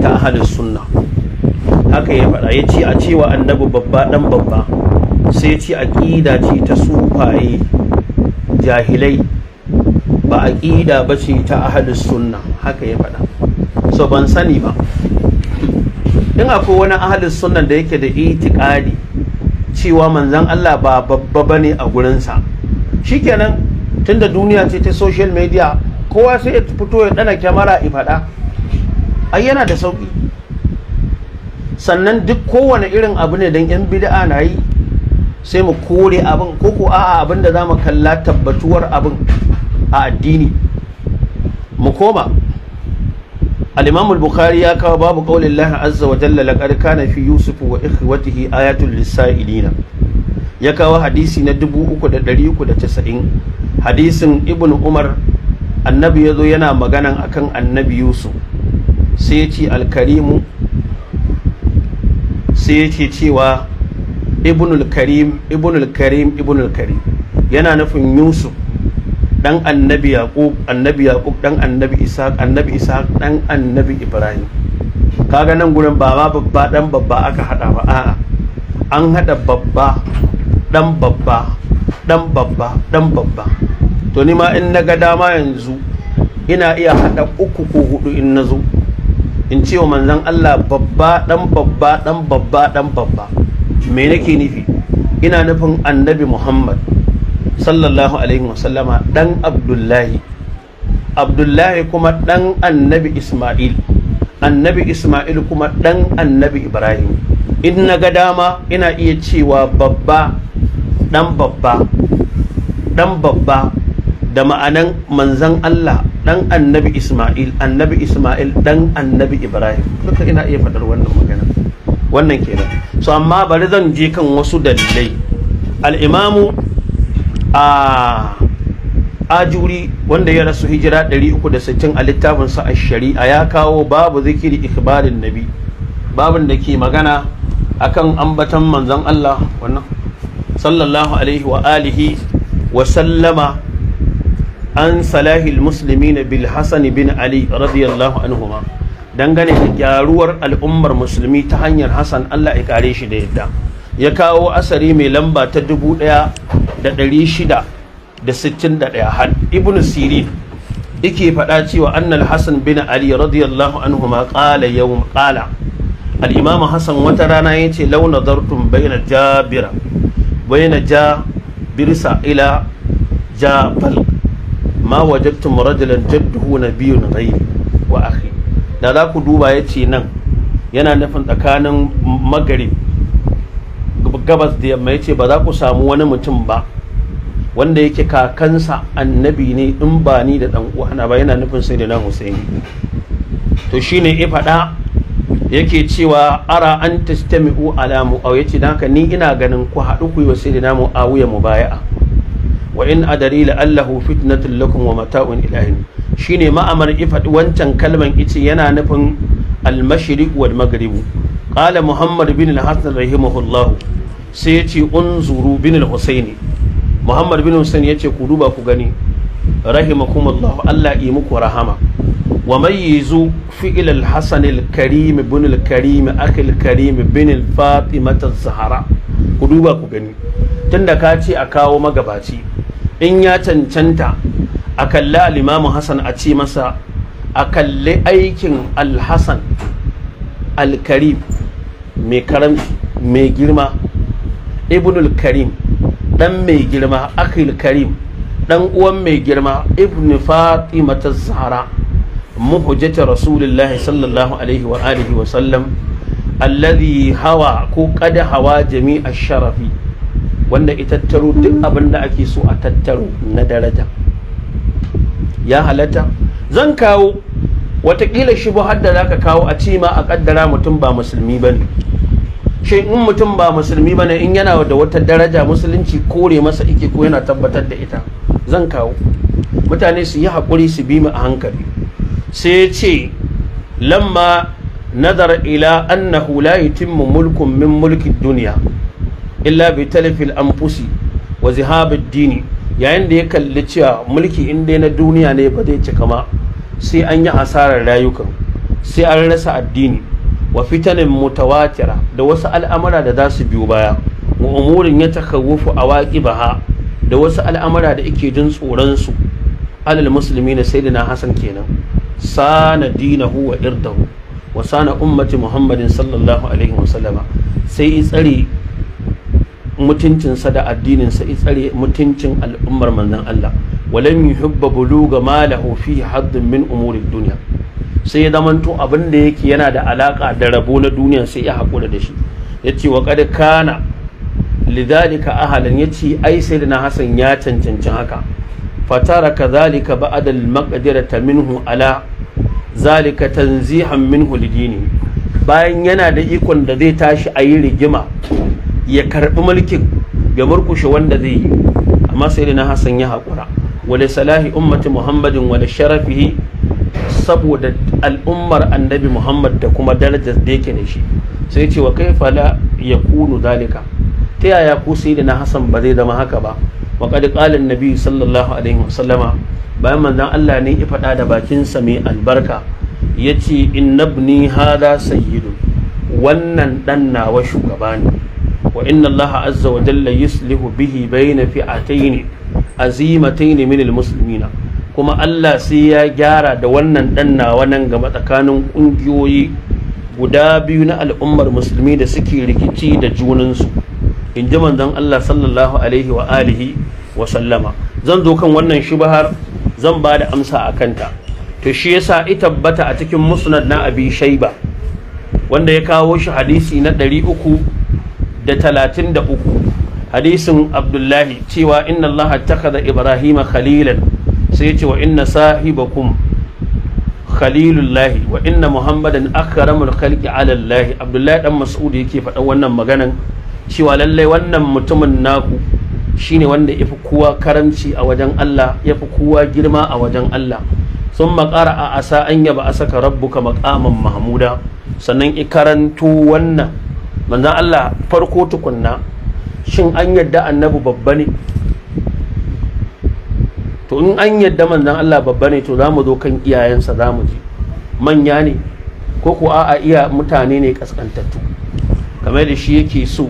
ta ahalin sunna haka ya faɗa ya ce a cewa annabi babba dan babba sai ce aƙida ce ta sufaye jahilai ba aƙida ba ce ta ahalus sunna haka ya faɗa so ban sani ba in akwai wani ahalus sunna da yake da itikadi cewa manzan Allah ba babba bane a gurinsa shikenan tunda duniya ce ta social media kowa sai ya fito ya ɗana kyamara ifada ai yana da sauki. sannan duk kowane irin abu ne don 'yan bida'a na yi sai mu kore abin ko ko a'a abin da za mu kalla tabbatuwar abin a addini mu koma al-imam bukhari ya kawo babu qaulin lahi azza wa jalla laqad kana fi yusuf wa ikhwatihi ayatul lisailina ya kawo hadisi na 3390 hadisin ibn umar annabi yazo yana maganan akan annabi yusuf sai ya ce al sai yake cewa ibnul karim ibnul karim ibnul karim yana nufin yusuf dan annabi yaqub annabi yaqub dan annabi isaq annabi isaq dan annabi ibrahim kaga nan gurin baba babba dan babba aka hada ba a'a an hada babba dan babba dan babba dan babba to nima ma in naga dama yanzu ina iya hada uku ko hudu in nazo in ce wa manzan Allah babba dan babba dan babba dan babba me nake nufi ina nufin annabi Muhammad sallallahu alaihi wasallama dan Abdullahi Abdullahi kuma dan annabi Ismail annabi Ismail kuma dan annabi Ibrahim in na ga dama ina iya cewa babba dan babba dan babba da ma'anan manzan Allah ɗan annabi Ismail annabi Ismail dan annabi Ibrahim duka ina iya faɗar wannan magana wannan kenan so amma bari zan je kan wasu dalilai al-imamu a ajuri wanda ya rasu hijira 360 a littafin sa a sharia ya kawo babu zikiri ikhbarin nabi babin da ke magana kan ambatan manzan Allah wannan sallallahu alaihi wa alihi wa sallama an salahil muslimina bil hasan bin ali radiyallahu ma dangane da gyaruwar al'ummar musulmi ta hanyar hasan Allah ya kare shi da yadda ya kawo asari mai lamba ta daya had ibnu sirin yake faɗa cewa annal hasan bin ali radiyallahu anhuma qala yawm qala al hasan wata rana yace launa nadartum bayna jabira bayna jabirsa ila jabal ma wajabtum rajulan jadduhu nabiyyun ghayri wa akhi da za ku duba yace nan yana nufin tsakanin magarib gabas da yamma yace ba za ku samu wani mutum ba wanda yake kakansa annabi ne in ba ni da dan uwana ba yana nufin sai da na Husaini to shine ya faɗa yake cewa ara an tastami'u ala mu'awiya yace dan haka ni ina ganin ku haɗu ku yi wa sayyidina mu mubaya'a wa in adari Allahu fitnatul lakum wa mata'un ilahin shine ma'amar ifad wancan kalman ice yana nufin al-mashriq wal maghrib qala muhammad bin al-hasan rahimahullah sai yace unzuru bin al-husaini muhammad bin husaini yace ku duba ku gani rahimakumullah Allah yi muku rahama wa mayyizu fi'l al-hasan al-karim bin al-karim akhi al-karim bin al-fatimah az-zahra ku duba ku gani tunda ka ce a kawo magabaci in ya cancanta a kalli alimamin hassan a ce masa a kalli aikin alhassan alkarim mai karamci mai girma ibnul karim dan mai girma akil karim dan uwan mai girma ibn fatima ta zahara muhujjata rasulullahi sallallahu alaihi wa alihi wa sallam allazi hawa ko kada hawa jami'a sharafi wanda ita duk abin da ake so a tattaro na daraja ya halatta zan kawo watakila shi har da zaka kawo a ce ma a kaddara mutum ba musulmi ne? shi in mutum ba musulmi bane in yana da wata daraja musulunci kore masa ike ko yana tabbatar da ita zan kawo mutane su yi haƙuri su bi mu a hankali sai ce lamma nazar ila annahu la yutimmu mulkun min mulki duniya illa bi talfil anfusi wa zihabid dini yayin da ya kalli cewa mulki in dai na duniya ne ba zai cika ma sai an yi asarar rayukan sai an rasa addini wa fitanin mutawatira da wasu al'amura da za su biyo baya wa umurin ya takawufu a waƙi baha da wasu al'amura da ake jin tsoronsu alal musulmi na sai da na hasan kenan sana dinahu wa irdahu wasana ummati muhammadin sallallahu alaihi wasallama sai ya tsare mutuncinsa da addininsa ya tsare mutuncin al'ummar manzon Allah walam yuhibba buluga ma lahu fi haddun min umuri duniya? sai ya zamanto abin da yake yana da alaka da rabo na duniya sai ya haƙura da shi yace wa qad kana lidhalika ahalan yace ai sayyidina hasan ya cancanci haka fatara kadhalika ba'da al-maqdirata minhu ala zalika tanzihan minhu lidini bayan yana da ikon da zai tashi a yi rigima ya karɓi mulkin ga murkushe wanda zai yi amma sai na Hassan ya haƙura wale salahi ummati muhammadin wale sharafihi saboda al'ummar annabi muhammad da kuma darajar da yake da shi sai ce wa kai fala ya kunu zalika ta yaya ku sai na Hassan ba zai zama haka ba wa kadi kalin nabi sallallahu alaihi wasallama bayan manzon Allah ne ya faɗa da bakinsa mai albarka ya ce ni hada sayyidu wannan ɗan nawa shugaba ne wa inna Allah azza wa jalla yuslihu bihi bayna fi'atayn azimatayn min almuslimina kuma Allah sai ya gyara da wannan ɗan nawa nan gaba tsakanin ƙungiyoyi guda biyu na al'ummar musulmi da suke rikici da junansu in ji manzon Allah sallallahu alaihi wa alihi wa sallama zan zo kan wannan shubahar zan ba da amsa a kanta to shi yasa ita tabbata a cikin musnad na abi shaiba wanda ya kawo shi hadisi na ɗari uku da talatin da uku hadisin abdullahi cewa inna allah da ibrahima khalilan sai ce wa inna sahibakum khalilullahi wa inna muhammadan akramul khalqi ala allah abdullahi dan mas'ud yake faɗa wannan maganan cewa lallai wannan mutumin naku shine wanda ya fi kowa karamci a wajen Allah ya fi kowa girma a wajen Allah sun makara a asa an yaba a saka rabbuka makaman mahmuda sannan ikarantu wannan manzan Allah farko tukunna shin an yadda annabi babba ne to in an yadda manzan Allah babba ne to za mu zo kan iyayensa za mu ji manya ne ko ko a iya mutane ne kaskantattu kamar da shi yake so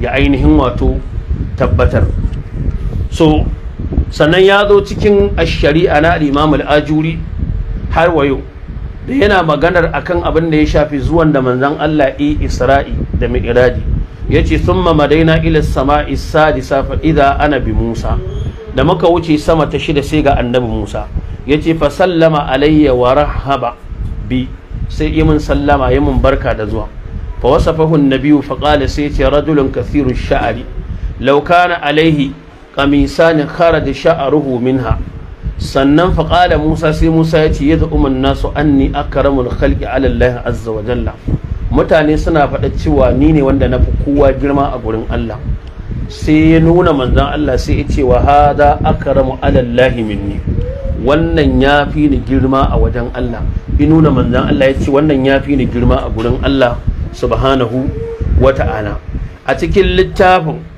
ya ainihin wato tabbatar so sannan ya zo cikin ashari'a na imam al-ajuri har wayo da yana maganar akan abin da ya shafi zuwan da manzon Allah i Isra'i da Mi'raji yace thumma madaina ila samai sadisa fa idha ana bi Musa da muka wuce sama ta shida sai ga annabi Musa yace fa sallama alayya wa rahaba bi sai yi mun sallama yi mun barka da zuwa fa wasafahu an-nabiyyu fa qala sai ce rajulun kathiru sha'ari laukana alaihi kamisanin kharaja sha'aruhu minha sannan faƙala musa sai musa ya ce yadda umar nasu anni akramul khalqi ala allah azza wa jalla mutane suna faɗa cewa ni ne wanda na fi kowa girma a gurin allah sai ya nuna manzan allah sai ya ce wa hada akramu ala allah minni wannan ya fi ni girma a wajen allah ya nuna manzan allah ya ce wannan ya fi ni girma a gurin allah subhanahu wa ta'ala a cikin littafin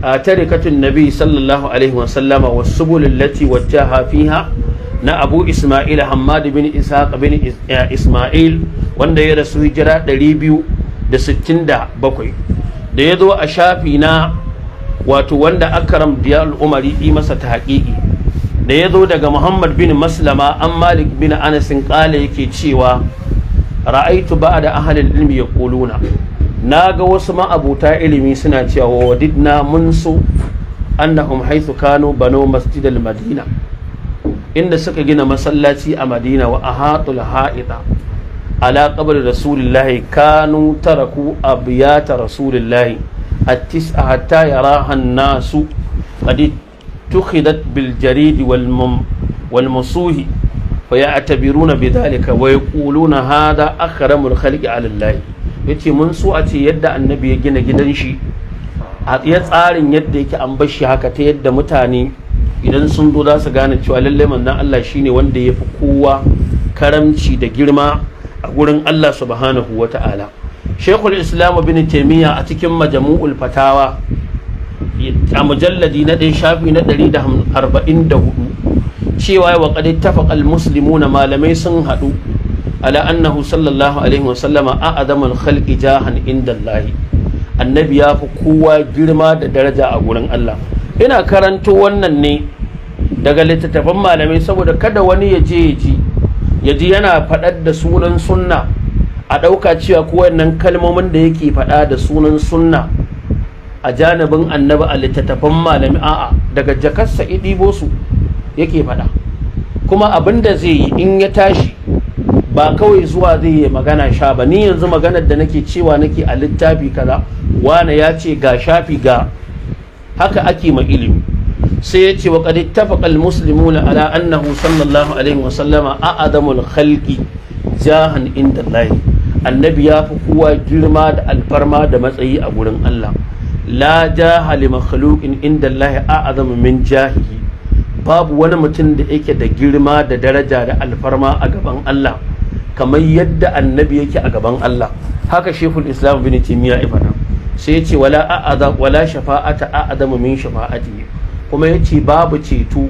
tarikatun nabi sallallahu alaihi wasallama wa subulul lati wajjaha fiha na abu isma'il hammad bin ishaq bin isma'il wanda ya rasu hijira 267 da ya zo a shafi na wato wanda akram diyal umari yi masa ta haƙiƙi da ya zo daga muhammad bin maslama an malik bin anasin ƙala yake cewa ra'aitu ba'a da ahalin ilmi ya ƙuluna na ga wasu ma'abuta ilimi suna cewa wadidna mun so annahum haithu kanu bano masjidal madina inda suka gina masallaci a madina wa ahatul ha'ida ala qabr rasulillahi kanu taraku abiyata rasulillahi التسعة حتى يراها الناس قد wal بالجريد والمم والمصوه ويعتبرون بذلك ويقولون هذا أكرم الخلق على الله ya ce mun so a ce yadda annabi ya gina gidan shi a ya tsarin yadda yake an bashi haka ta yadda mutane idan sun zo za su gane cewa lallai manzon Allah shine wanda ya fi kowa karamci da girma a gurin Allah subhanahu wa ta'ala shekul islam bin taimiyya a cikin majamu'ul fatawa a mujalladi na ɗin shafi na 144 cewa wa ƙadai tafaƙal musulmi na malamai sun haɗu ala annahu sallallahu alaihi wasallama a azamul jahan inda Allah annabi ya fi kowa girma da daraja a gurin Allah ina karanto wannan ne daga littattafan malamai saboda kada wani ya je ya ji ya ji yana faɗar da sunan sunna a ɗauka cewa ko wannan kalmomin da yake faɗa da sunan sunna a janibin annabi a littattafan malami a'a daga jakarsa idibo yake faɗa kuma abin da zai yi in ya tashi ba kawai zuwa zai yi magana sha ba ni yanzu maganar da nake cewa nake a littafi kaza wane ya ce ga shafi ga haka ake ma ilimi sai ya ce wa qad ittafaqa al ala annahu sallallahu alaihi wa sallama a'adamul khalqi jahan inda Allah annabi ya fi kowa girma da alfarma da matsayi a gurin Allah la jaha li makhluqin inda Allah a'azamu min jahihi babu wani mutum da yake da girma da daraja da alfarma a gaban Allah kamar yadda annabi yake a gaban Allah haka shehul islam bin timiya ifana sai ya ce wala a'adha wala shafa'ata a'adamu min shafa'ati kuma ya ce babu ceto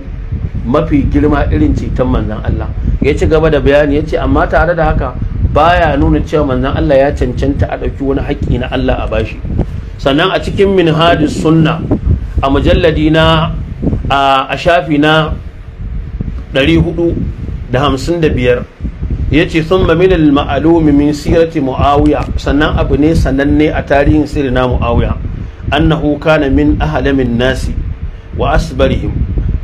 mafi girma irin ceton manzon Allah ya ci gaba da bayani ya ce amma tare da haka baya nuna cewa manzon Allah ya cancanta a ɗauki wani haƙƙi na Allah a bashi sannan a cikin minhajus sunna a mujalladi na a shafi na 455 yace ce min al ma'alumi min sirati muawiya sannan abu ne sananne a tarihin sirina muawiya annahu kana min ahalamin nasi wa asbarihim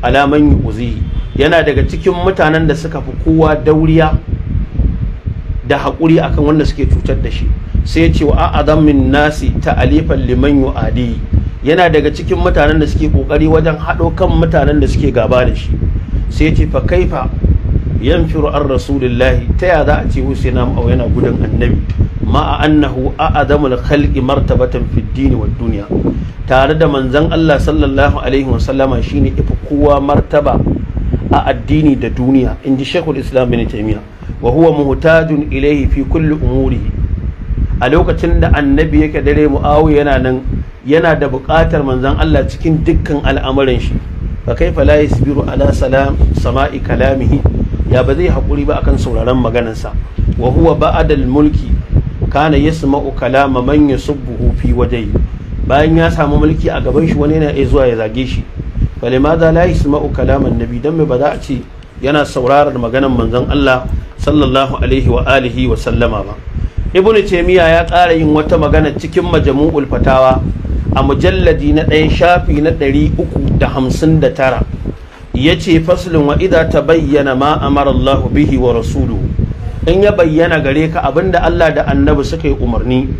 alaman yi uzihi yana daga cikin mutanen da suka fi kowa dauriya da haƙuri akan wanda suke cutar da shi sai ce wa a'adam min nasi alifan liman adi yana daga cikin mutanen da suke kokari wajen haɗo kan mutanen da suke gaba da shi sai ce fa kaifa yanfiru an rasulillahi ta ya za a ce wai sai na ma'au yana gudan annabi ma a annahu a adamul khalqi martabatan fi dini wa duniya tare da manzon Allah sallallahu alaihi wa sallama shine ifi kowa martaba a addini da duniya inji shekul islam bin taymiya wa huwa muhtajun ilayhi fi kulli umurihi a lokacin da annabi yake dare mu'awiya yana nan yana da buƙatar manzon Allah cikin dukkan al'amuran shi fa kaifa la yasbiru ala salam sama'i kalamihi ya ba zai haƙuri ba akan sauraron maganarsa wa huwa ba'adal mulki kana yasma'u kalama man yasubbuhu fi wajhi bayan ya samu mulki a gaban shi wani yana iya zuwa ya zage shi falimadha la yasma'u kalaman nabi dan me ba za a ce yana sauraron maganar manzon Allah sallallahu alaihi wa alihi wa sallama ba ibnu taymiya ya ƙara yin wata magana cikin majmu'ul fatawa a mujalladi na ɗaya shafi na ɗari uku da hamsin da tara yace faslun wa idza tabayyana ma amara Allah bihi wa rasulu, in ya bayyana gare ka abinda Allah da Annabi suka yi umarni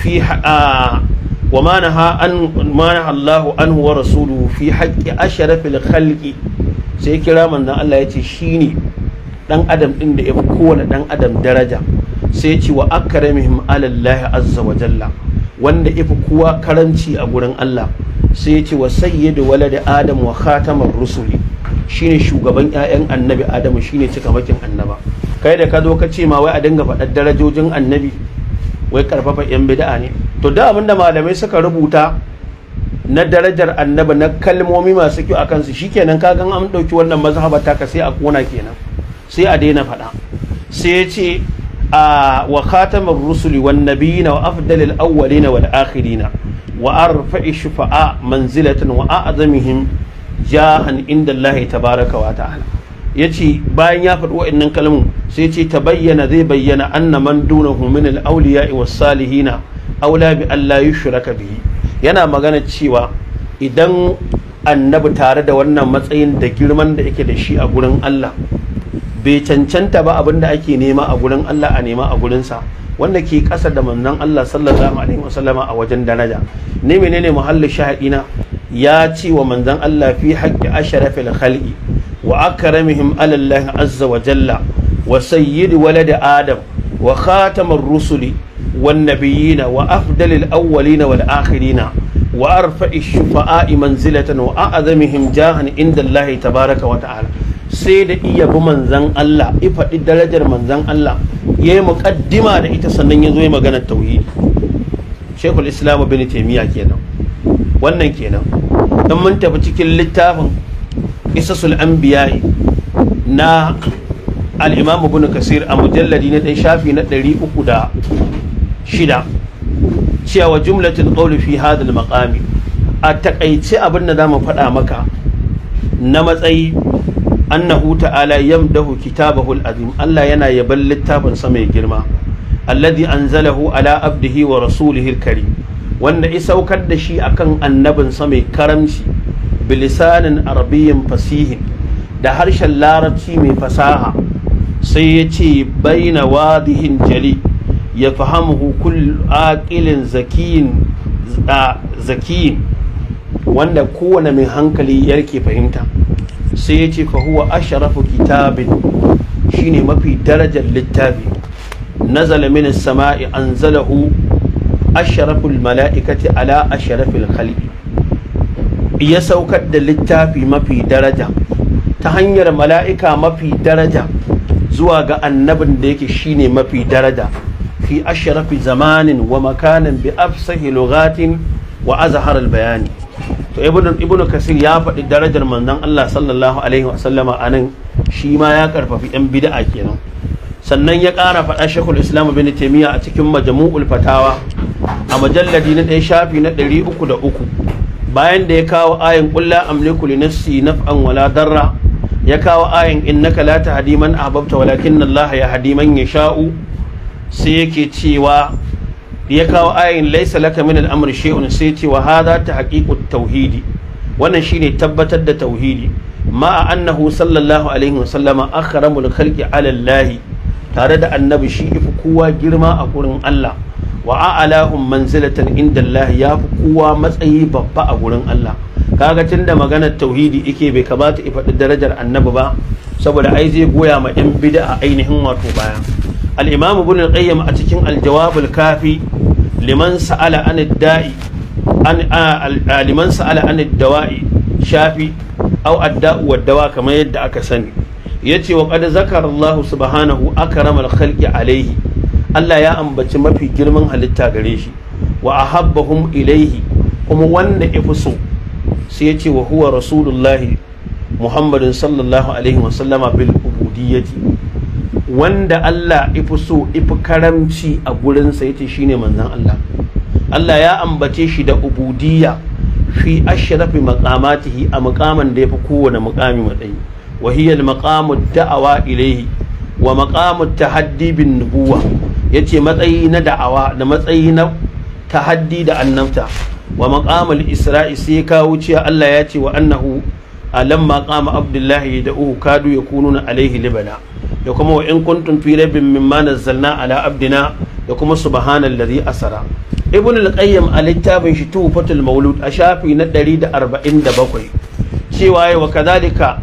fi wa ma naha an ma Allah an wa rasulu fi haqqi ashrafil khalqi sai kira manzon Allah yace shine dan adam din da yafi kowane dan adam daraja sai ce wa akramihim ala Allah azza wa jalla wanda ifi kowa karanci a gurin Allah sai ya ce wa wale da adam wa khatamar rusuli shine shugaban 'ya'yan annabi adamu shine cikamakin annaba kai da ka zo ka ce ma wai a dinga faɗar darajojin annabi wai karfafa 'yan bida'a ne to da abin da malamai suka rubuta na darajar annabi na kalmomi masu kyau a kansu kenan ka gan an ɗauki wannan mazhaba taka sai a kona kenan sai a daina faɗa sai ya ce a wa khatamar rusuli wan nabiyina wa afdalil awwalina wal akhirina وأرفع الشفعاء منزلة وأعظمهم جاها عند الله تبارك وتعالى yace bayan ya faɗi wa'annan kalmomin sai yace bayyana zai bayyana anna man dunahu min al-awliya'i was-salihina aula bi Allah yushraka bihi yana magana cewa idan annabi tare da wannan matsayin da girman da yake da shi a gurin Allah bai cancanta ba abin da ake nema a gurin Allah a nema a gurinsa wanda ke ƙasa da manzon Allah sallallahu alaihi wasallama a wajen daraja ne menene muhallin shahadina ya ce wa manzon Allah fi haqqi asharafil khalqi wa akramihim ala Allah azza wa jalla wa sayyid walad adam wa khatamar rusuli wan nabiyina wa afdalil awwalina wal akhirina wa arfa'i shufa'a manzilatan wa a'zamihim jahan inda Allah tabaraka wa ta'ala sai da iya bi manzan Allah i faɗi darajar manzan Allah ya yi muƙaddima da ita sannan ya zo ya magana tauhidi shekul islam bin taimiyya kenan wannan kenan don mun tafi cikin littafin isasul anbiya'i na al ibn kasir a mujalladi na ɗan shafi na ɗari uku da shida cewa jumlatul qawli fi hadal maƙami a taƙaice abin da zamu faɗa maka na matsayi annahu ta'ala yamdahu kitabahu al-azim Allah yana yaban littafin sa mai girma alladhi anzalahu ala abdihi wa rasulihi al-karim wanda ya saukar da shi akan annabin sa mai karamci bilisanin arabiyyin fasihin da harshen larabci mai fasaha sai ya ce baina wadihin jali ya fahamu kullu aqilin zakiyin zakiyin wanda kowane mai hankali yake fahimta sai ya ce fa asharafu kitabin shine mafi darajar littafi nazala min samai anzalahu asharaful mala'ikati ala asharafil khalqi ya saukar da littafi mafi daraja ta hanyar mala'ika mafi daraja zuwa ga annabin da yake shine mafi daraja fi asharafi zamanin wa makanin bi afsahi lugatin wa azhar al-bayani to ibn kasir ya faɗi darajar manzon Allah sallallahu alaihi wasallama anan shi ma ya karfafi yan bid'a kenan sannan ya ƙara faɗa shekul islam bin taimiyya a cikin majamu'ul fatawa a majalladi na ɗaya shafi na ɗari uku da uku bayan da ya kawo ayin ƙulla amliku li nafsi naf'an wala darra ya kawo ayin innaka la tahdi man ahbabta walakin Allah ya hadi man yasha'u sai yake cewa ya kawo ayin laisa laka min al'amr shay'un sai ce wa hadha tahqiqut tauhidi wannan shine tabbatar da tauhidi ma annahu sallallahu alaihi wa sallama khalqi ala Allah tare da annabi shi ifi kowa girma a gurin Allah wa a'lahum manzilatan inda Allah ya fi kowa matsayi babba a gurin Allah kaga tunda maganar tauhidi yake bai kamata i faɗi darajar annabi ba saboda ai zai goya ma 'yan bid'a ainihin wato baya al-imam ibn a cikin al-jawab al-kafi liman sa'ala an ad shafi aw ad-da'u wad-dawa kamar yadda aka sani yace wa qad zakara Allah subhanahu akrama al-khalqi alayhi Allah ya ambaci mafi girman halitta gare shi wa ahabbahum ilaihi kuma wanda ifi so sai yace wa huwa rasulullahi muhammadin sallallahu alaihi wasallama bil ubudiyyati wanda Allah ifi so ifi karamci a gurinsa yace shine manzon Allah Allah ya ambace shi da ubudiyya fi ashrafi maqamatihi a maqaman da yafi kowane maqami matsayi wa hiya al da'awa ilayhi wa maqamu tahaddi bin nubuwa yace matsayi na da'awa da matsayi na tahaddi da annabta wa maqamul isra'i sai ka wuce Allah ya ce wa annahu alamma qama abdullahi da uhu kadu yakununa Alayhi libana da kuma wa in kuntum fi rabbin mimma nazzalna ala abdina da kuma subhanallazi asara ibn al-qayyim a littafin shi tufatul maulud a shafi na 147 cewa ya wa kadhalika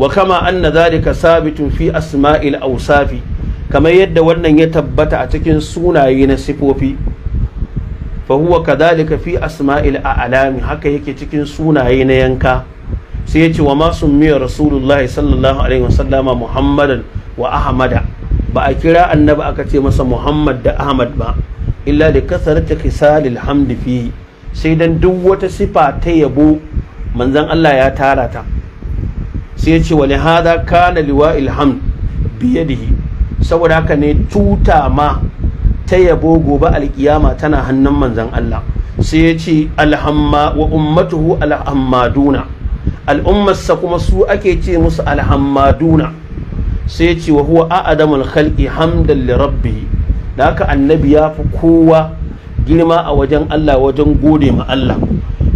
wa kama anna dhalika sabitun fi asma'il awsafi kamar yadda wannan ya tabbata a cikin sunaye na sifofi fa huwa kadhalika fi asma'il a'lami haka yake cikin sunaye na yanka sai ya ce wa ma miya rasulullahi sallallahu alaihi wasallama muhammadan wa ahmada ba a kira annabi aka ce masa muhammad da ahmad ba illa da kasarta kisalil alhamdu fi sai dan duk wata sifa ta yabo manzon Allah ya tara ta sai ya ce wani hada kana liwa'il hamd biyadihi saboda haka ne tuta ma ta yabo gobe alkiyama tana hannun manzan Allah sai ya ce alhamma wa ummatuhu alhammaduna al'ummarsa kuma su ake ce musu alhammaduna sai ce wa huwa a'adamul khalqi hamdan li da haka annabi ya fi kowa girma a wajen Allah wajen gode ma Allah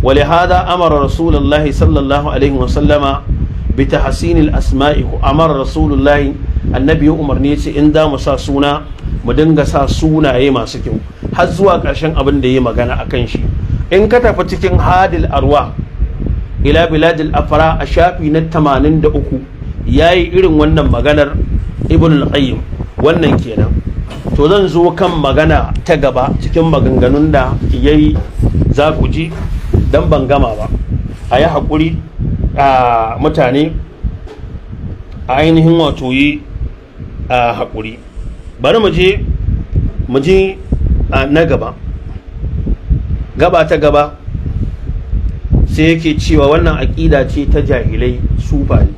wale hada amara rasulullahi sallallahu alaihi wa sallama bi tahsinil asma'i amara rasulullahi annabi ya umarni ce in za mu sa suna mu dinga sa sunaye masu kyau har zuwa ƙarshen abin da ya magana akan shi in ka tafi cikin hadil arwa ila biladil afra a shafi na 83 ya yi irin wannan maganar ibn al-qayyim wannan kenan to zan zo kan magana ta gaba cikin maganganun da yayi za ku ji dan ban gama ba a yi haƙuri a mutane a ainihin wato yi a haƙuri bari mu je mu je na gaba gaba ta gaba sai yake cewa wannan aƙida ce ta jahilai su sufaye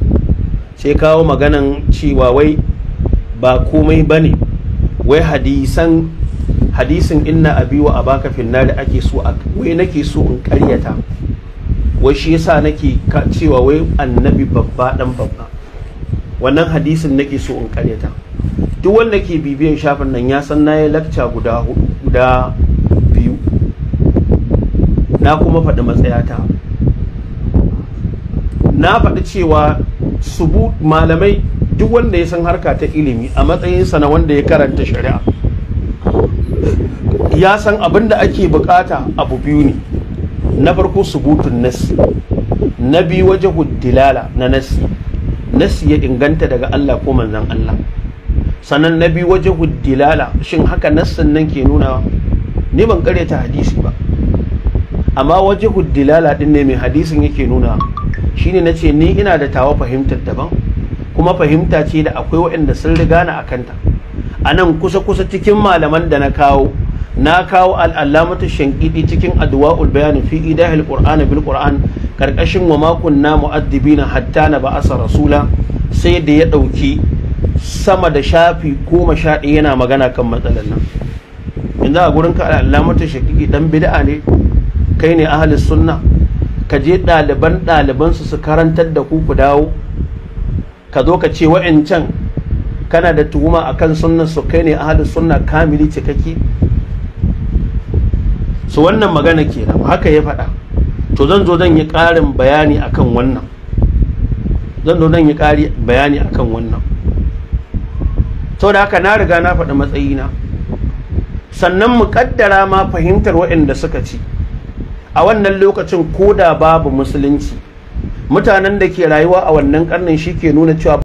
sai kawo maganan cewa wai ba komai ba ne wai hadisan hadisin inna abi wa abaka finna da ake so wai nake so in karyata wai shi yasa nake cewa wai annabi babba dan babba wannan hadisin nake so in karyata duk wanda ke bibiyan shafin nan ya san na yi lakca guda guda biyu na kuma faɗi matsayata na faɗi cewa subu malamai duk wanda ya san harka ta ilimi a matsayinsa na wanda ya karanta shari'a ya san abin da ake bukata abu biyu ne na farko subutun nasi na biyu waje dilala na nasi nasi ya inganta daga Allah ko manzan Allah sannan na biyu waje dilala shin haka nassin nan ke nuna ni ban karyata hadisi ba amma waje dilala din ne mai hadisin yake nuna shine ce ni ina da tawa fahimtar daban kuma fahimta ce da akwai waɗanda sun riga na kanta. a nan kusa-kusa cikin malaman da na kawo na kawo al'alamata shankidi cikin adwa'ul bayani fi idahil qur'ani bil qur'an karkashin wa makon na mu'addibina hatta na ba'asa rasula sai da ya ɗauki sama da shafi goma sha ɗaya yana magana kan matsalar nan yanzu a gurin ka al'alamata shankidi dan bid'a ne kai ne ahalin sunna ka je ɗaliban ɗalibansu su karantar da ku ku dawo ka zo ka ce wa'ancan kana da tuhuma a kan sunan su kai ne ahalin sunna kamili cikakki su wannan magana kenan haka ya faɗa to zan zo zan yi ƙarin bayani a kan wannan zan zo zan yi ƙari bayani kan wannan saboda haka na riga na faɗi matsayina sannan mu kaddara ma fahimtar waɗanda suka ci a wannan lokacin ko da babu musulunci mutanen da ke rayuwa a wannan karnin shi ke nuna cewa